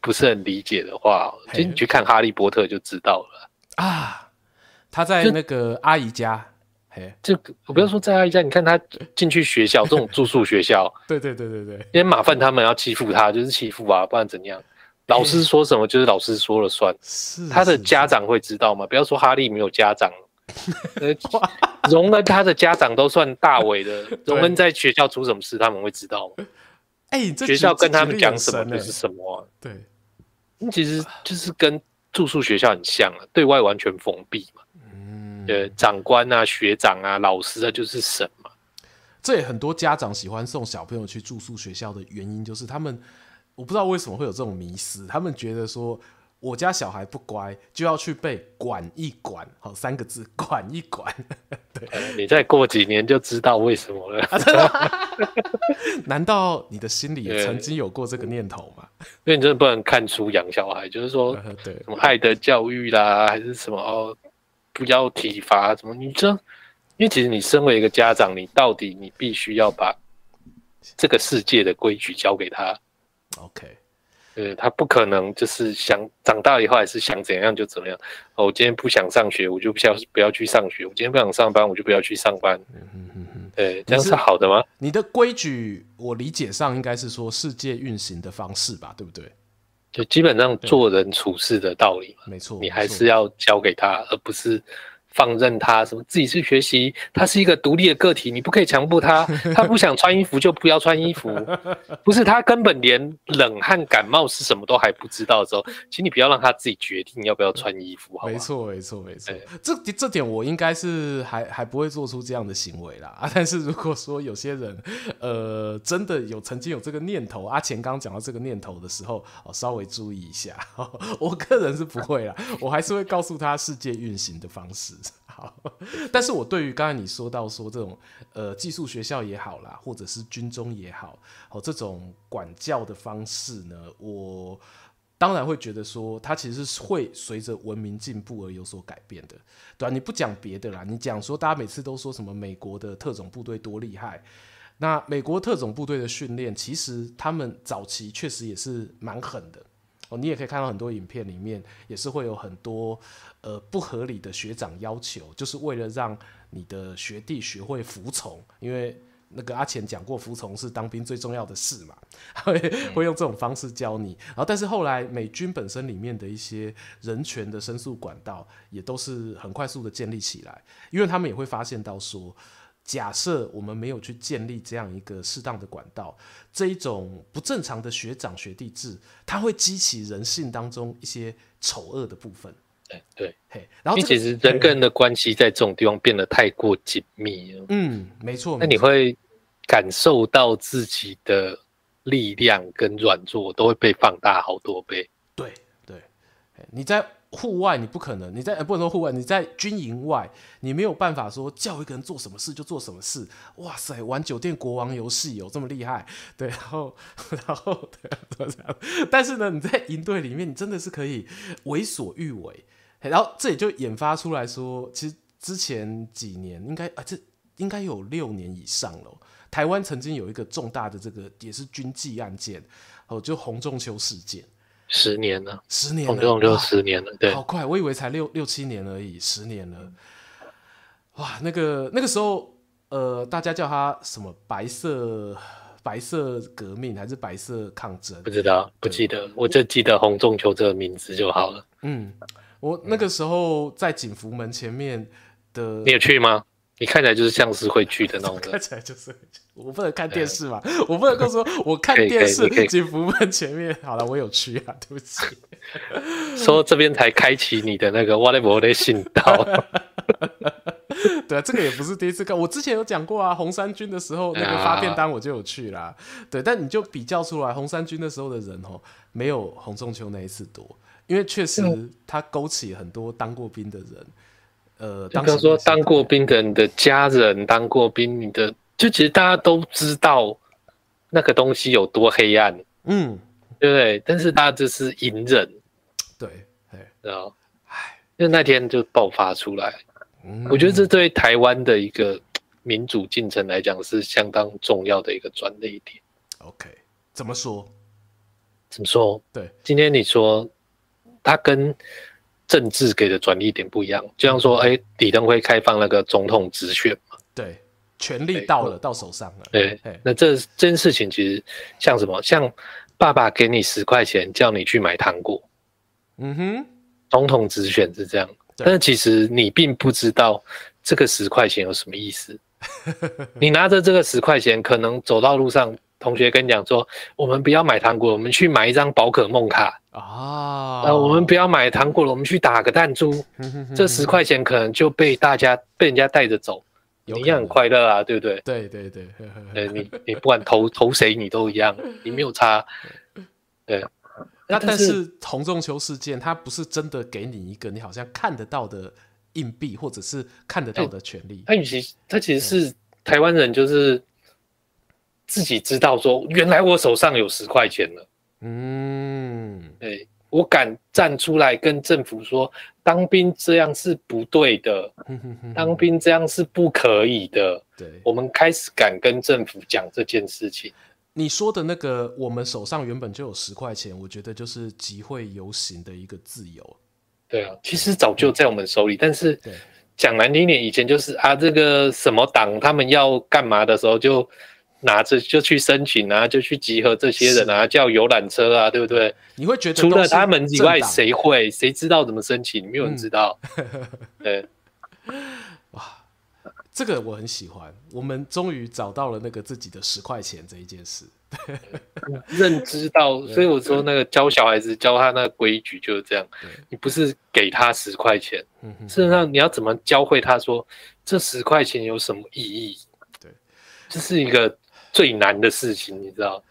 不是很理解的話，就你去看《哈利波特》就知道了 啊。他在那個阿姨家。嘿就我不要說再愛一下，你看他進去學校這種住宿學校， 對,對對對對對，因為馬份他們要欺負他，就是欺負啊，不然怎樣？老師說什麼就是老師說了算，是、欸、他的家長會知道嗎？不要說哈利沒有家長，榮恩他的家長都算大尾的， 對榮恩在學校出什麼事他們會知道嗎？哎，欸、學校跟他們講什麼就是什麼、啊，對，其實就是跟住宿學校很像啊，對外完全封閉。呃，嗯、長官啊，學長啊，老師啊，就是神嘛、嗯。這也很多家長喜歡送小朋友去住宿學校的原因，就是他們我不知道為什麼會有這種迷思，他們覺得說我家小孩不乖，就要去被管一管。好，三個字，管一管。對嗯、你再過幾年就知道為什麼了。 難道你的心裡也曾經有過這個念頭嗎？因為你真的不能看出養小孩，就是說， 對什麼愛的教育啦， 還是什麼哦。不要體罰啊，怎麼？你這，因為其實你身為一個家長，你到底你必須要把這個世界的規矩交給他。OK，呃，他不可能就是想長大以後還是想怎樣就怎麼樣。哦，我今天不想上學，我就不要不要去上學；我今天不想上班，我就不要去上班。嗯哼哼，對，這樣是好的嗎？你的規矩，我理解上應該是說世界運行的方式吧，對不對？就基本上做人處事的道理，沒錯，你還是要教給他，錯而不是。放任他什麼自己去學習，他是一個獨立的個體，你不可以強迫他。他不想穿衣服就不要穿衣服。不是他根本連冷和感冒是什麼都還不知道的時候，請你不要讓他自己決定要不要穿衣服。好，沒錯。沒錯沒錯沒錯，這這點我應該是還還不會做出這樣的行為啦，啊、但是如果說有些人呃真的有曾經有這個念頭，阿錢剛剛講到這個念頭的時候，哦、稍微注意一下呵呵。我個人是不會啦， 我還是會告訴他世界運行的方式。好，但是我對於剛才你說到說這種呃寄宿學校也好啦，或者是軍中也好，哦這種管教的方式呢，我當然會覺得說它其實是會隨着文明進步而有所改變的，對吧？啊，你不講別的啦，你講說大家每次都說什麼美國的特種部隊多厲害，那美國特種部隊的訓練其實他們早期確實也是蠻狠的哦，你也可以看到很多影片裡面也是會有很多。呃，不合理的學長要求，就是為了讓你的學弟學會服從，因為那個阿前講過，服從是當兵最重要的事嘛，會會用這種方式教你。然後，但是後來美軍本身裡面的一些人權的申訴管道，也都是很快速的建立起來，因為他們也會發現到說，假設我們沒有去建立這樣一個適當的管道，這一種不正常的學長學弟制，它會激起人性當中一些醜惡的部分。對，對，然後並、這個、人跟人的關係在這種地方變得太過緊密了。嗯，沒錯。沒錯，那你會感受到自己的力量跟軟弱都會被放大好多倍。對對，你在戶外你不可能，你在不能說戶外，你在軍營外，你沒有辦法說叫一個人做什麼事就做什麼事。哇塞，玩酒店國王遊戲有、哦、這麼厲害？對，然後然後對， 但是呢，你在營隊裡面，你真的是可以為所欲為。然後這也就研發出來說，其實之前幾年應該啊，這應該有六年以上了。台灣曾經有一個重大的這個也是軍紀案件，哦、呃，就洪仲丘事件，十年了，十年了，洪仲丘十年了，哇對，好快，我以為才六六七年而已，十年了，哇，那個那個時候，呃，大家叫他什麼白色白色革命還是白色抗爭？不知道，不對記得，我就記得洪仲丘這個名字就好了，嗯。我那個時候在景福門前面的，嗯，你有去嗎？你看起來就是像是會去的那種的，看起來就是。我不能看電視嘛，嗯、我不能說我看電視。嗯、景福門前面，好了，我有去啊，對不起。說這邊才開啟你的那個瓦雷伯勒信道。 對、啊，這個也不是第一次看，我之前有講過啊，紅衫軍的時候那個發片單我就有去啦。嗯啊、對，但你就比較出來，紅衫軍的時候的人哦，沒有洪仲丘那一次多。因為確實，他勾起很多當過兵的人，呃、嗯，剛剛說當過兵的人的家人，當過兵你的，就其實大家都知道那個東西有多黑暗，嗯，對不對？但是大家就是隱忍，對，哎道，對啊唉，哎，就那天就爆發出來。嗯、我覺得這對台灣的一個民主進程來講是相當重要的一個轉捩點。OK，怎麼說？怎麼說？對，今天你說。他跟政治給的轉移點不一樣，就像說，哎、欸，李登輝開放那個總統直選嘛？對，權力到了，欸、到手上了。對，欸、那這，這件事情其實像什麼？像爸爸給你十塊錢，叫你去買糖果。嗯哼，總統直選是這樣，對但是其實你並不知道這個十塊錢有什麼意思。 你拿着這個十塊錢，可能走到路上，同學跟你講說，我們不要買糖果，我們去買一張寶可夢卡。Oh. 啊，我們不要買糖果了，我們去打個彈珠。 這十塊錢可能就被大家 被人家帶着走，你一樣很快樂啊，對不對？對，對對對， 欸、你你不管投 投誰，你都一樣，你沒有差。 對，那、欸、但是，但是同眾球事件，它不是真的給你一個你好像看得到的硬幣，或者是看得到的權利。他、欸、其實它其實是台灣人，就是自己知道說，對原來我手上有十塊錢了。嗯，對，我敢站出來跟政府說，當兵這樣是不對的，當兵這樣是不可以的。 對，我們開始敢跟政府講這件事情。你說的那個，我們手上原本就有十塊錢，我覺得就是集會遊行的一個自由。對啊，其實早就在我們手裡，嗯、但是對，講難聽點，以前就是啊，這、那個什麼黨他們要幹嘛的時候就。拿着就去申請啊，就去集合這些人啊，是叫遊覽車啊，對不對？對，你會覺得除了他們以外，誰會？誰知道怎麼申請？沒有人知道。嗯、 對，哇，這個我很喜歡。我們終於找到了那個自己的十塊錢這一件事， 認知到。所以我說，那個教小孩子教他那個規矩就是這樣。對你不是給他十塊錢，嗯、哼事實上你要怎麼教會他說這十塊錢有什麼意義？對，這是一個。最難的事情，你知道？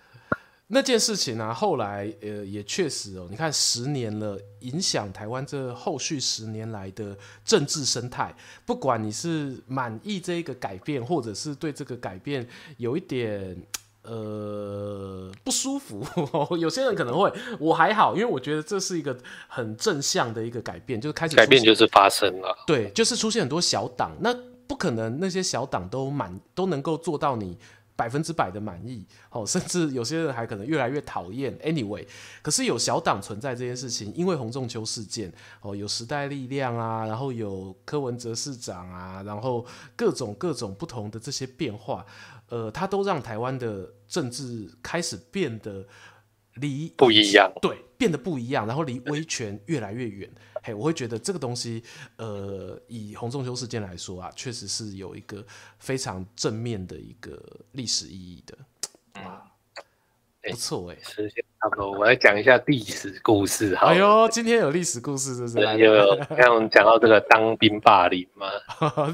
那件事情呢、啊？後來，呃，也確實哦、喔。你看，十年了，影響台灣這後續十年來的政治生態。不管你是滿意這一個改變，或者是對這個改變有一點呃不舒服、喔，有些人可能會。我還好，因為我覺得這是一個很正向的一個改變，就是開始改變就是發生了。對，就是出現很多小黨。那不可能，那些小黨都滿都能夠做到你百分之百的滿意，甚至有些人還可能越來越討厭。Anyway，可是有小黨存在這件事情，因為洪仲丘事件有時代力量啊，然後有柯文哲市長啊，然後各種各種不同的這些變化，呃，它都讓台灣的政治開始變得離不一樣，對，變得不一樣，然後離威權越來越遠。我會覺得這個東西，呃，以洪仲丘事件來說啊，確實是有一個非常正面的一個歷史意義的。嗯，不錯哎、欸，時間差不多，我來講一下歷史故事。哎呦，今天有歷史故事，是不是？嗯、有要講到這個當兵霸凌嗎？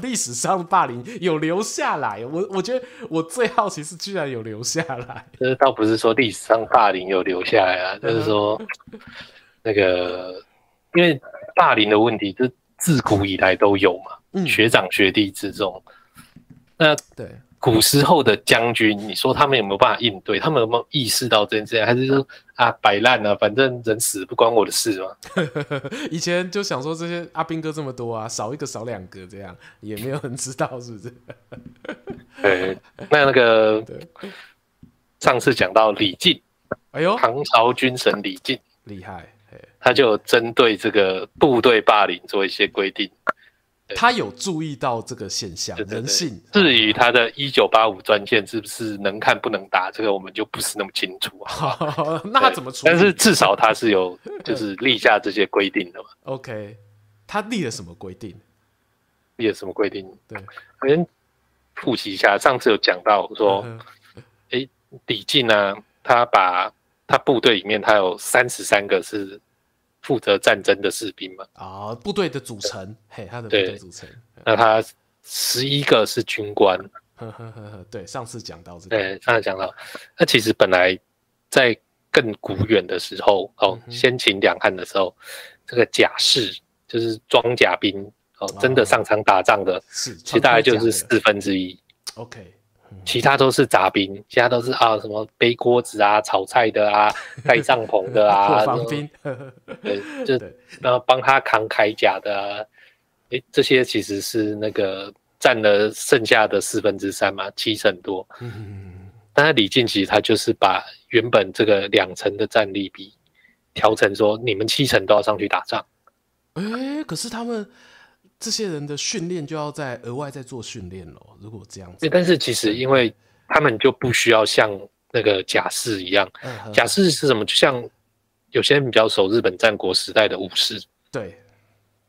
歷史上霸凌有留下來，我我覺得我最好奇是居然有留下來。這倒不是說歷史上霸凌有留下來啊，就是說 那個因為。霸凌的問題，是自古以來都有嘛。嗯、學長學弟之中，那對古時候的將軍，你說他們有沒有辦法應對？他們有沒有意識到真正還是說啊，擺爛啊，反正人死不關我的事嘛。 以前就想說，這些阿兵哥這麼多啊，少一個少兩個這樣，也沒有人知道是不是？ 對那那個對上次講到李靖，哎呦，唐朝軍神李靖，厲害。他就針對這個部隊霸凌做一些規定。他有注意到這個現象，對對對，人性。至於他的一九八五專線是不是能看不能打，這個我們就不是那麼清楚啊。 那他怎麼處理？處但是至少他是有就是立下這些規定的嘛 OK，他立了什麼規定？立了什麼規定？對，我先複習一下，上次有講到說，哎、 欸，李進啊，他把他部隊裡面他有三十三個是，負責戰爭的士兵嘛，啊、哦，部隊的組成，對嘿，他的部隊組成。那他十一個是軍官，呵呵呵呵。對，上次講到這個，呃，上次講到，那其實本來在更古遠的時候，哦，先秦兩漢的時候，嗯、哼這個甲士就是裝甲兵，哦，真的上場打仗的，啊、其實大概就是四分之一。OK。其他都是雜兵，其他都是啊，什麼背鍋子啊、炒菜的啊、帶帳篷的啊， 或房兵， 對，就對然後幫他扛鎧甲的、啊，哎、欸，這些其實是那個占了剩下的四分之三嘛，七成多。但是 李靖奇，他就是把原本這個兩成的戰力比調成說，你們七成都要上去打仗。欸、可是他們。這些人的訓練就要再額外再做訓練嘍。如果這樣子，但是其實因為他們就不需要像那個假釋一樣。假釋是什麼？就像有些人比較熟日本戰國時代的武士。對，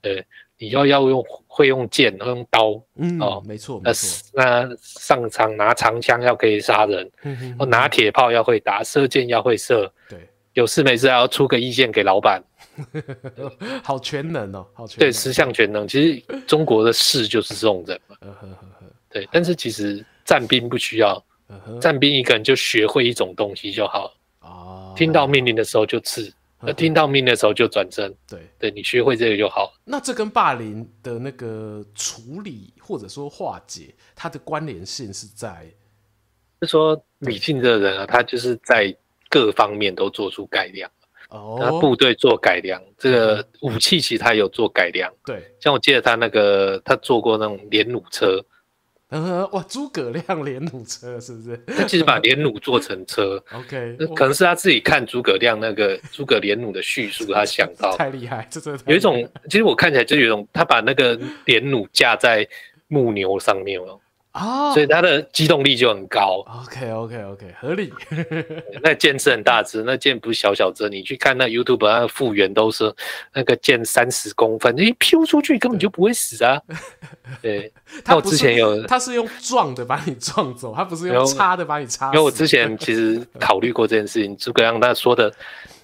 呃，你要要用會用劍，會用刀，哦，沒錯，沒錯。那上場拿長槍要可以殺人，拿鐵炮要會打，射箭要會射。對，有事沒事還要出個意見給老板。呵呵呵好全能哦，好全對，十項全能，其實中國的士就是這種人嘛。 對，但是其實戰兵不需要，戰兵一個人就學會一種東西就好啊。 聽到命令的時候就刺， 聽到命令的時候就轉身。對 對，你學會這個就好。那這跟霸凌的那個處理或者說化解，它的關聯性是在，是說李靖這個人啊，對他就是在各方面都做出改良。他、哦、部隊做改良，這個武器其實他有做改良。對，像我記得他那個，他做過那種連弩車。呃，哇，諸葛亮連弩車是不是？他其實把連弩做成車。 OK，可能是他自己看諸葛亮那個諸葛連弩的敘述，他想到。 太厲害，這有一種，其實我看起來就是有一種，他把那個連弩架在木牛上面了。哦、所以它的機動力就很高。OK OK OK，合理。 那箭是很大只，那箭不是小小只。你去看那 YouTube，它的復原都是那個箭三十公分，一、欸、飄出去根本就不會死啊。對，對我之前有，他是用撞的把你撞走，他不是用插的把你插。因為我之前其實考慮過這件事情，諸葛亮他說的。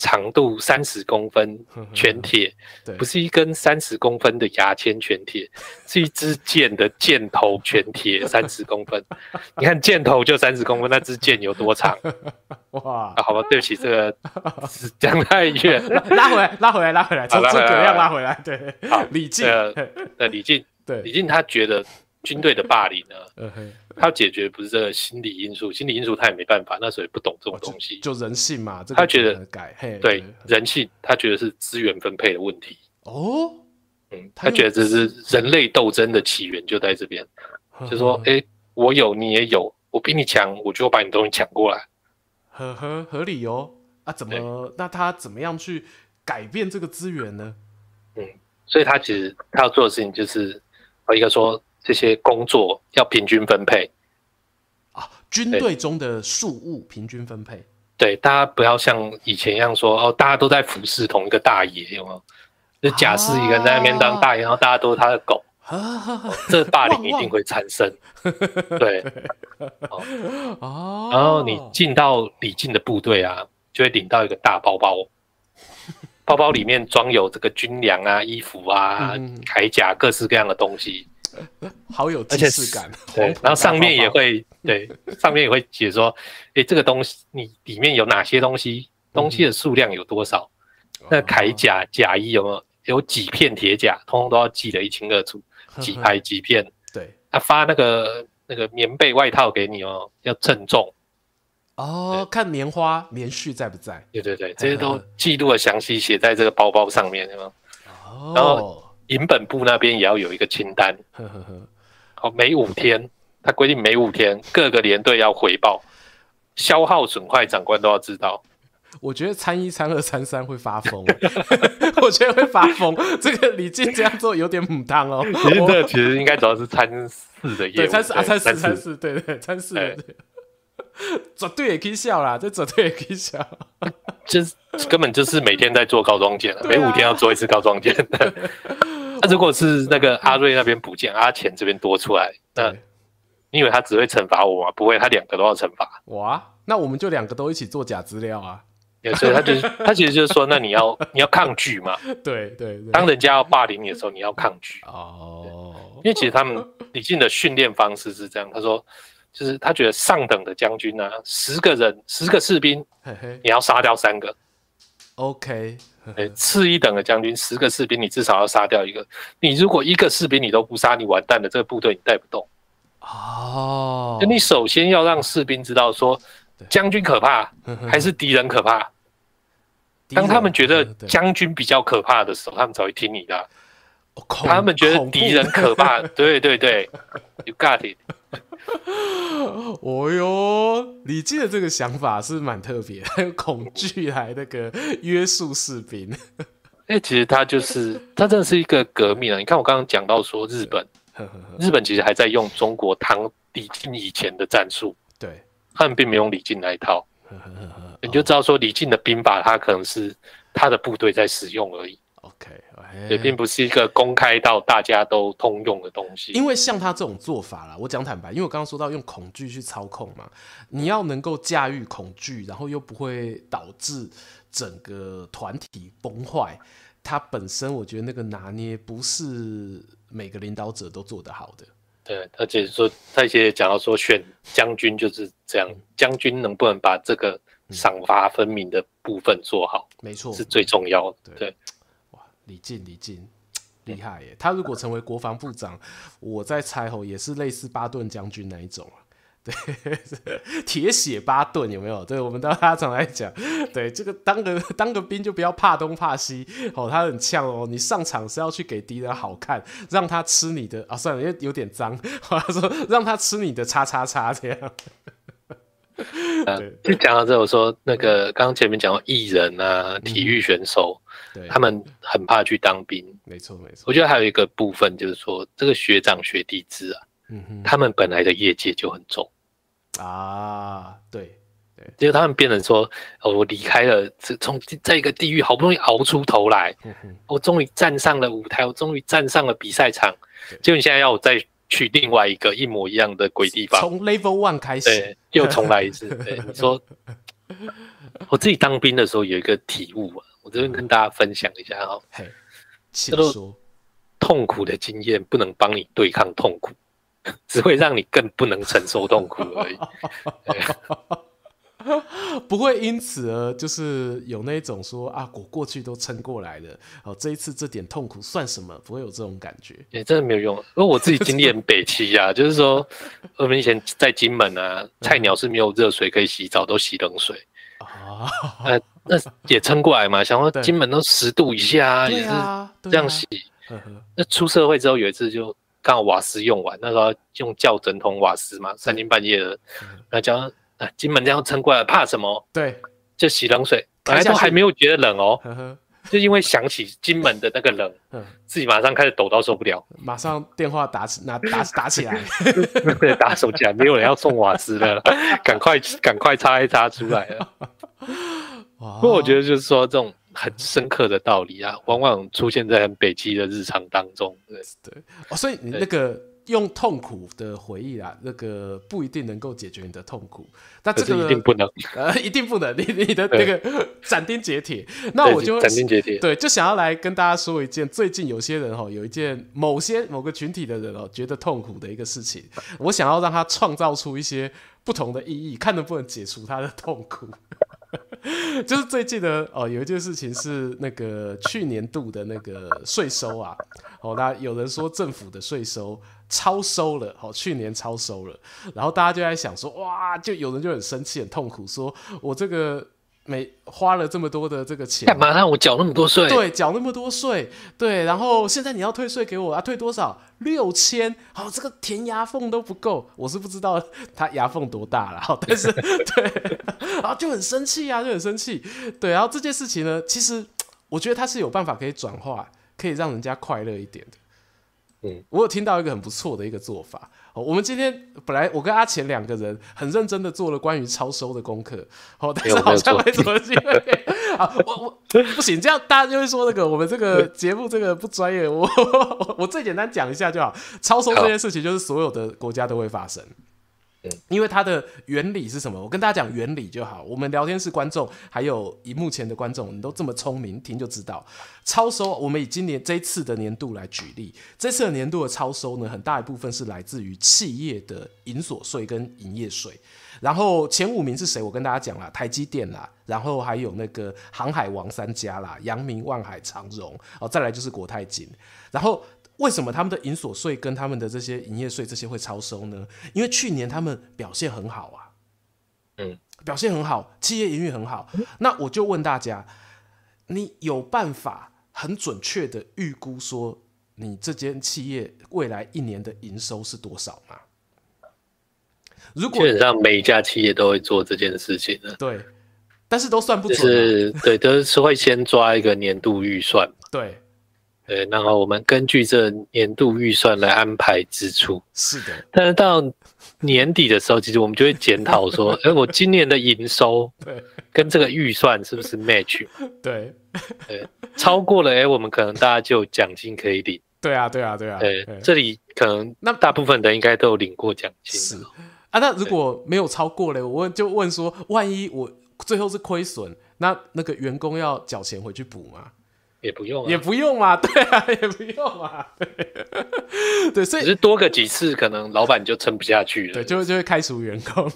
長度三十公分，全鐵，不是一根三十公分的牙籤，全鐵對是一支箭的箭頭全鐵，全鐵三十公分。你看箭頭就三十公分，那支箭有多長？哇、啊！好吧，對不起，這個講太遠，拉回來，拉回來，好拉回來，從諸葛亮拉回來，對,對,對，好，李靖靜，對,對李靖，對李靖，他覺得。軍隊的霸凌呢？呃、嘿他解決不是這個心理因素，心理因素他也沒辦法。那時候也不懂這種東西，哦、就，就人性嘛。這個，他覺得改嘿對嘿嘿嘿人性，他覺得是資源分配的問題。哦，他覺得這是人類鬥爭的起源就在這邊，呵呵就說：哎、欸，我有，你也有，我比你強，我就把你東西搶過來。合合合理哦，那、啊、怎麼？對那他怎麼樣去改變這個資源呢？嗯，所以他其實他要做的事情就是，他應該說。這些工作要平均分配啊！軍隊中的庶務對平均分配。對，大家不要像以前一樣說哦，大家都在服侍同一個大爺，有沒有？就假設一個人在那邊當大爺，啊、然後大家都是他的狗，啊啊啊、 這霸凌一定會產生。忘忘對，對哦， 然後你進到李靖的部隊啊，就會領到一個大包包，包包裡面裝有這個軍糧啊、衣服啊、鎧、嗯、甲、各式各樣的東西。 好有而且儀式感，對。然後上面也會對，上面也會寫說，哎、欸，這個東西你裡面有哪些東西，東西的數量有多少？嗯、那鎧甲甲衣有沒有？有幾片鐵甲，通通都要記得一清二楚，幾排幾片。呵呵對，他、啊、發那個那個棉被外套給你有沒有哦，要鄭重。哦，看棉花棉絮在不在？對對對，這些都記錄了，詳細，寫在這個包包上面有沒有，對嗎？哦，銀本部那邊也要有一個清單，每五天他規定每五天各個連隊要回報消耗損壞，長官都要知道。我覺得參一、參二、參三會發瘋，我覺得會發瘋。這個李靖這樣做有點母湯哦。其實這其實應該主要是參四的業務，對，參四啊，參四，參四，對對，參四。對也可以笑啦，這絕對也可以笑，這根本就是每天在做高裝檢，每五天要做一次高裝檢。那、啊、如果是那個阿瑞那邊不見，嗯、阿錢這邊多出來，嗯、那你以為他只會懲罰我啊？不會，他兩個都要懲罰我啊。那我們就兩個都一起作假資料啊。有時候他就是 他其實就是說，那你要 你要抗拒嘛。對對對，當人家要霸凌你的時候，你要抗拒哦，對對對，因為其實他們李靖的訓練方式是這樣，他說就是他覺得上等的將軍呢、啊，十個人十個士兵，嘿嘿，你要殺掉三個。OK。次一等的將軍，十個士兵你至少要殺掉一個。你如果一個士兵你都不殺，你完蛋了。這個部隊你帶不動。哦，oh, 你首先要讓士兵知道說，將軍可怕對還是敵人可怕？ 當他們，怕人他們覺得將軍比較可怕的時候，他們才會聽你的。Oh, 恐他們覺得敵人可怕，怖對對對 you got it 哦喲，李靖的這個想法是蠻特別，還有恐懼來那個約束士兵。哎，其實他就是他真的是一個革命啊！你看我剛剛講到說日本，呵呵呵日本其實還在用中國唐李靖以前的戰術，對，他們並沒有用李靖那一套。呵呵呵呵你就知道說李靖的兵法，他可能是他的部隊在使用而已。OK。也並不是一個公開到大家都通用的東西。欸，因為像他這種做法啦，我講坦白，因為我剛剛說到用恐懼去操控嘛，你要能夠駕馭恐懼，然後又不會導致整個團體崩壞，它本身我覺得那個拿捏不是每個領導者都做得好的。對，而且說他一些講到說選將軍就是這樣，將軍能不能把這個賞罰分明的部分做好，嗯、沒錯，是最重要的。對。對。李靜，李靜，厲害耶！他如果成為國防部長，我在猜吼，也是類似巴頓將軍那一種啊，對，鐵血巴頓有沒有？對，我們到他常來講，對這個當個當個兵就不要怕東怕西，吼，他很嗆哦、喔，你上場是要去給敵人好看，讓他吃你的啊，算了，因為有點髒，他說讓他吃你的叉叉叉這樣。呃、對，講到這，我說那個剛剛前面講到藝人啊，體育選手。嗯對他們很怕去當兵，沒錯沒錯。我覺得還有一個部分就是說，這個學長學弟制啊，嗯哼，他們本來的業界就很重啊，對對，結果他們變成說，哦，我離開了這從在一個地獄，好不容易熬出頭來，嗯哼，我終於站上了舞台，我終於站上了比賽場，對結果你現在要我再去另外一個一模一樣的鬼地方，從 Level One 開始，對又重來一次， 對，你說，我自己當兵的時候有一個體悟啊。我這邊跟大家分享一下哈、喔，這都、嗯、痛苦的經驗不能幫你對抗痛苦，只會讓你更不能承受痛苦而已， 對不會因此而就是有那種說啊，我過去都撐過來的，好、啊、這一次這點痛苦算什麼？不會有這種感覺，哎、欸，真的沒有用，因為我自己經歷很北七呀、啊， 就是說，我們以前在金門啊，菜鳥是沒有熱水可以洗澡，嗯、都洗冷水啊，呃那也撐過來嘛，想說金門都十度以下、啊，對也是這樣洗。啊啊、那出社會之後有一次就剛好瓦斯用完，那時候用叫整桶瓦斯嘛，三更半夜的。那講哎，金門這樣撐過來怕什麼？對，就洗冷水，本來都還沒有覺得冷哦、喔，是就因為想起金門的那個冷， 自己馬上開始抖到受不了，馬上電話打起，那打打起來， 打手機，沒有人要送瓦斯的，趕 快趕快擦一擦出來了。 不過我覺得就是說，這種很深刻的道理啊，往往出現在很北極的日常當中。對對，哦，所以你那個用痛苦的回憶啊，對那個不一定能夠解決你的痛苦。那這個一定不能，呃，一定不能。你你的對那個斬釘截鐵，那我就斬釘截鐵。對，就想要來跟大家說一件最近有些人哈、哦，有一件某些某個群體的人哦，覺得痛苦的一個事情。 我想要讓他創造出一些不同的意義，看能不能解除他的痛苦。 就是最近呢，哦，有一件事情是那個去年度的那個稅收啊，好、哦，那有人說政府的稅收超收了，好、哦，去年超收了，然後大家就在想說，哇，就有人就很生氣、很痛苦，說我這個。沒花了這麼多的這個錢幹嘛讓我繳那麼多稅？對，繳那麼多稅，對，然後現在你要退稅給我啊？退多少？六千？好、哦，這個填牙縫都不夠，我是不知道他牙縫多大了，但是 對，然後就很生氣啊，就很生氣，對，然後這件事情呢，其實我覺得他是有辦法可以轉化，可以讓人家快樂一點的。嗯，我有聽到一個很不錯的一個做法。哦，我們今天本來我跟阿錢兩個人很認真的做了關於超收的功課，好，但是好像沒什麼機會啊！我我不行，這樣大家就會說那個我們這個節目這個不專業我。我，我我最簡單講一下就好，超收這件事情就是所有的國家都會發生。嗯、因為它的原理是什麼？我跟大家講原理就好。我們聊天室觀眾還有熒幕前的觀眾，你都這麼聰明，一聽就知道。超收，我們以今年這一次的年度來舉例，這次的年度的超收呢，很大一部分是來自於企業的營所稅跟營業稅。然後前五名是誰？我跟大家講啦，台積電啦，然後還有那個航海王三家啦，陽明、萬海、長榮，哦，再來就是國泰金，然後。為什麼他們的營所稅跟他們的這些營業稅這些會超收呢？因為去年他們表現很好啊，嗯，表現很好，企業營運很好。那我就問大家，你有辦法很準確的預估說你這間企業未來一年的營收是多少嗎？如果基本上每一家企業都會做這件事情的，對，但是都算不準，就是，對，都，就是會先抓一個年度預算 對。對，然後我們根據這年度預算來安排支出。是的，但是到年底的時候， 其實我們就會檢討說：哎，我今年的營收對，跟這個預算是不是 match？對，超過了哎，我們可能大家就獎金可以領。對啊，對啊，對啊。對，這裡可能那大部分的應該都有領過獎金。是啊，那如果沒有超過了，我就問對我就問說：萬一我最後是虧損，那那個員工要繳錢回去補嗎？也不用、啊，也不用啊。對啊，也不用啊，對， 對，所以只是多個幾次，可能老闆就撐不下去了，對，就就會開除員工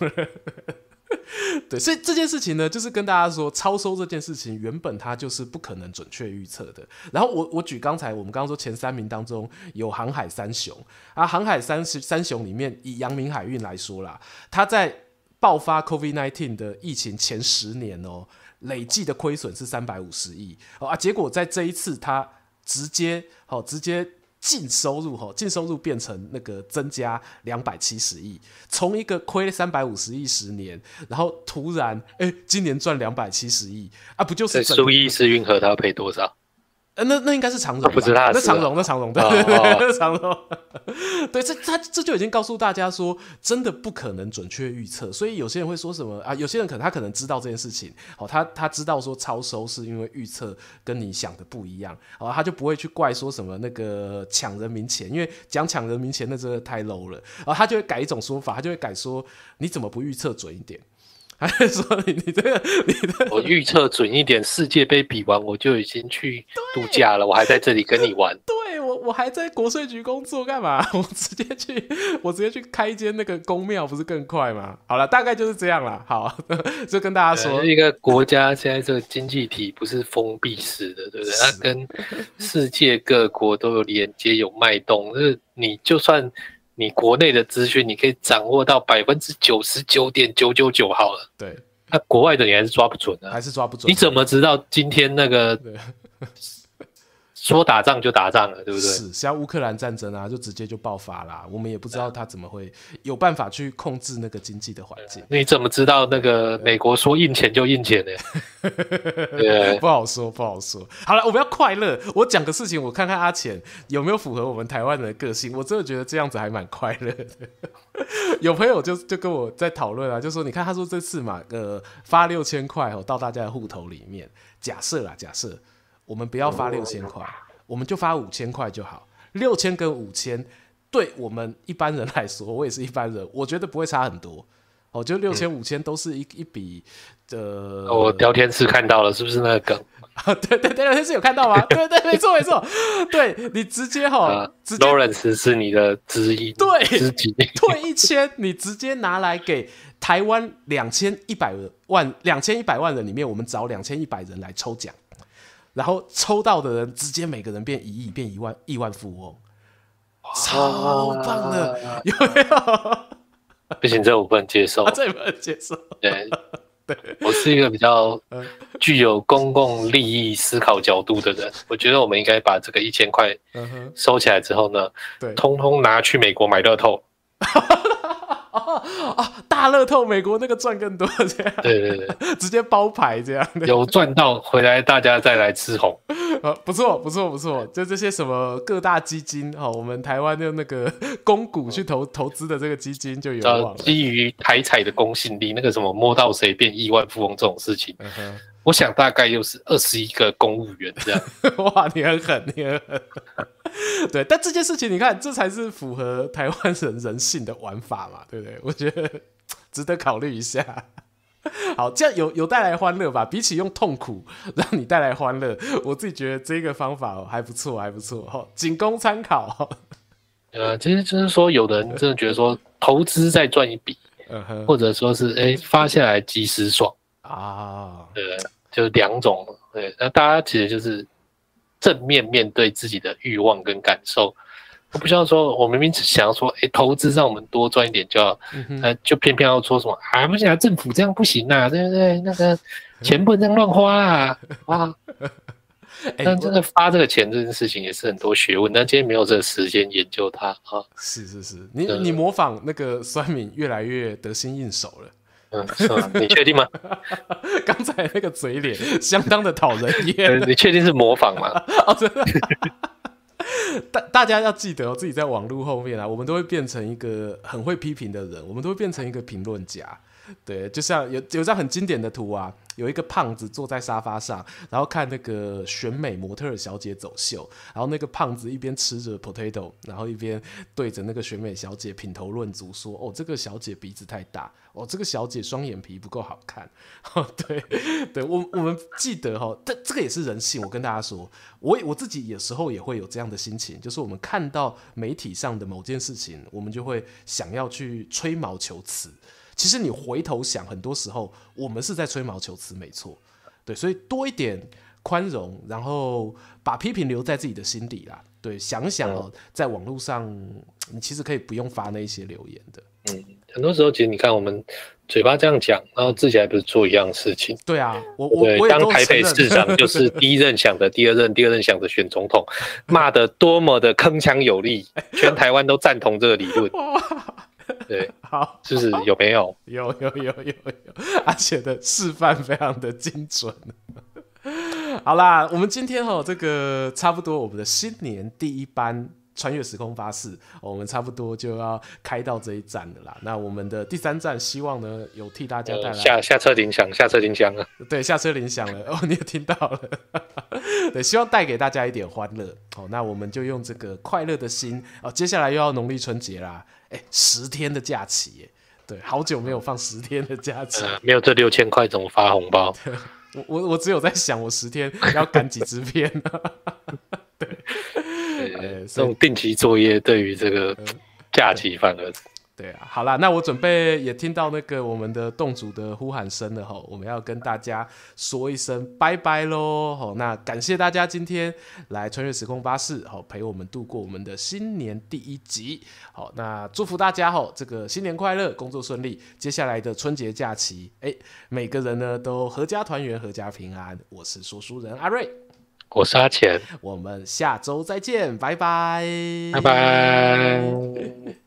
對，所以這件事情呢，就是跟大家說，超收這件事情原本它就是不可能準確預測的。然後我我舉剛才我們剛剛說前三名當中有航海三雄，啊，航海三三雄裡面以陽明海運來說啦，它在爆發 COVID-19 的疫情前十年哦。累計的虧損是三百五十億啊！結果在這一次，它直接好、哦，直接淨收入哈，淨、哦、收入變成那個增加兩百七十億，從一個虧三百五十億十年，然後突然哎、欸，今年賺兩百七十億啊！不就是蘇伊士運河，它要賠多少？呃、那那應該是長榮，不知道那，那長榮，那長榮對，長榮，對，這他這就已經告訴大家說，真的不可能準確預測，所以有些人會說什麼啊？有些人可能他可能知道這件事情，哦，他他知道說超收是因為預測跟你想的不一樣，哦，他就不會去怪說什麼那個搶人民錢，因為講搶人民錢那真的太 low 了，然、哦、後他就會改一種說法，他就會改說，你怎麼不預測準一點？還說你這個，你這個,你這個我預測準一點， 世界杯比完我就已經去度假了。對我還在這裡跟你玩。對我，我還在國稅局工作幹嘛？我直接去，我直接去開間那個宮廟，不是更快嗎？好了，大概就是這樣了。好， 就跟大家說，一個國家現在這個經濟體不是封閉式的，對不對？是它跟世界各國都有連接，有脈動。就是你就算。你國內的資訊，你可以掌握到百分之九十九點九九九好了。對，那、啊、國外的你還是抓不準的，啊，還是抓不準。你怎麼知道今天那個對？ 說打仗就打仗了，對不對？是像烏克蘭戰爭啊，就直接就爆發啦。我們也不知道他怎麼會有辦法去控制那個經濟的環境。嗯、你怎麼知道那個美國說印錢就印錢呢？ 對不好說，不好說。好了，我們要快樂。我講個事情，我看看阿錢有沒有符合我們台灣人的個性。我真的覺得這樣子還蠻快樂的。 有朋友就就跟我在討論啊，就說你看，他說這次嘛，呃，發六千塊、哦、到大家的戶頭裡面。假設啊，假設。我們不要發六千塊，oh, wow. 我們就發五千塊就好。六千跟五千，對我們一般人來說，我也是一般人，我覺得不會差很多。哦，就六千、嗯、五千都是一一筆的。我、呃、聊、oh, 天室看到了，是不是那個梗、 啊？對對，對，聊天室有看到嗎？ 對，對對，沒錯沒錯。對你直接哈，羅倫斯是你的知音，對知己，退引一千，你直接拿來給台灣兩千一百萬兩千一百萬人裡面，我們找兩千一百人來抽獎。然後抽到的人，直接每個人變一億，變一萬億萬富翁，超棒的！啊、有沒有？不行，這我不能接受，啊、這不能接受。對,對，我是一個比較具有公共利益思考角度的人，嗯、我覺得我們應該把這個一千塊收起來之後呢，嗯、通通拿去美國買樂透。 哦，哦大樂透美國那個賺更多這樣，對對對，直接包牌這樣。有賺到回來，大家再來吃紅。 哦、不錯不錯不錯，就這些什麼各大基金哦，我們台灣的那個公股去投、嗯、投資的這個基金就有了。基於台彩的公信力，那個什麼摸到誰變億萬富翁這種事情，嗯、哼我想大概又是二十一個公務員這樣。 哇，你很狠，你很狠。 對，但這件事情你看，這才是符合台灣人人性的玩法嘛，對不對？我覺得值得考慮一下。好，這樣有有帶來歡樂吧？比起用痛苦讓你帶來歡樂，我自己覺得這個方法、哦、還不錯，還不錯。哈、哦，僅供參考。哦、呃，其實就是說，有的人真的覺得說對投資再賺一筆，uh huh. 或者說是哎發下來即時爽啊，oh. 對，就是兩種。對，那、呃、大家其實就是。正面面對自己的慾望跟感受，我不需要說，我明明只想要說，哎、欸，投資讓我們多賺一點，就好，那、嗯哼呃、就偏偏要說什麼，哎、啊，不行，啊，政府這樣不行啊，對不對？那個錢不能這樣亂花啊！ 啊， 但真的發這個錢這件事情也是很多學問，但今天沒有這個時間研究它啊。是是是，你、嗯、你模仿那個酸民越來越得心應手了。嗯，是嗎？你確定嗎？剛 才那個嘴臉相當的討人厭。 你確定是模仿嗎？大、 哦、 大家要記得哦，自己在網路後面啊，我們都會變成一個很會批評的人，我們都會變成一個評論家。對，就像有有一張很經典的圖啊。有一個胖子坐在沙發上，然後看那個選美模特小姐走秀，然後那個胖子一邊吃着 potato，然後一邊對着那個選美小姐品頭論足，說：“哦，這個小姐鼻子太大，哦，這個小姐雙眼皮不夠好看。”哦，對，對我我們記得哈，這、哦、這個也是人性。我跟大家說，我我自己有時候也會有這樣的心情，就是我們看到媒體上的某件事情，我們就會想要去吹毛求疵。其實你回頭想，很多時候我們是在吹毛求疵，沒錯，對，所以多一點寬容，然後把批評留在自己的心底啦，對，想想，嗯、在網絡上，你其實可以不用發那些留言的，嗯，很多時候，其實你看我們嘴巴這樣講，然後自己還不是做一樣事情，對啊，我我，對我當台北市長就是第一任想的、 第二任第二任想的選總統，罵得多麼的鏗鏘有力，全台灣都贊同這個理論。 對，好，就是，是有沒有？有有有有有、有、有，而且的示範非常的精準。 好啦，我們今天哈，這個差不多我們的新年第一班穿越時空巴士，哦，我們差不多就要開到這一站了啦。那我們的第三站，希望呢有替大家帶來、呃、下下車鈴響，下車鈴響了。啊，對，下車鈴響了哦，你也聽到了。 對，希望帶給大家一點歡樂。好，哦，那我們就用這個快樂的心哦，接下來又要農曆春節啦。哎，十天的假期，耶。對，好久沒有放十天的假期。呃，沒有這六千塊怎麼發紅包？ 我我我只有在想，我十天要趕幾支片？ 對，誒這種定期作業對於這個假期反而。呃對對啊，好啦，那我準備也聽到那個我們的洞主的呼喊聲了吼，我們要跟大家說一聲拜拜嘍。吼，那感謝大家今天來穿越時空巴士，吼陪我們度過我們的新年第一集。好，那祝福大家吼，這個新年快樂，工作順利。接下來的春節假期，哎，每個人呢都合家團圓，合家平安。我是說書人阿瑞，我是阿錢，我們下周再見，拜拜，拜拜。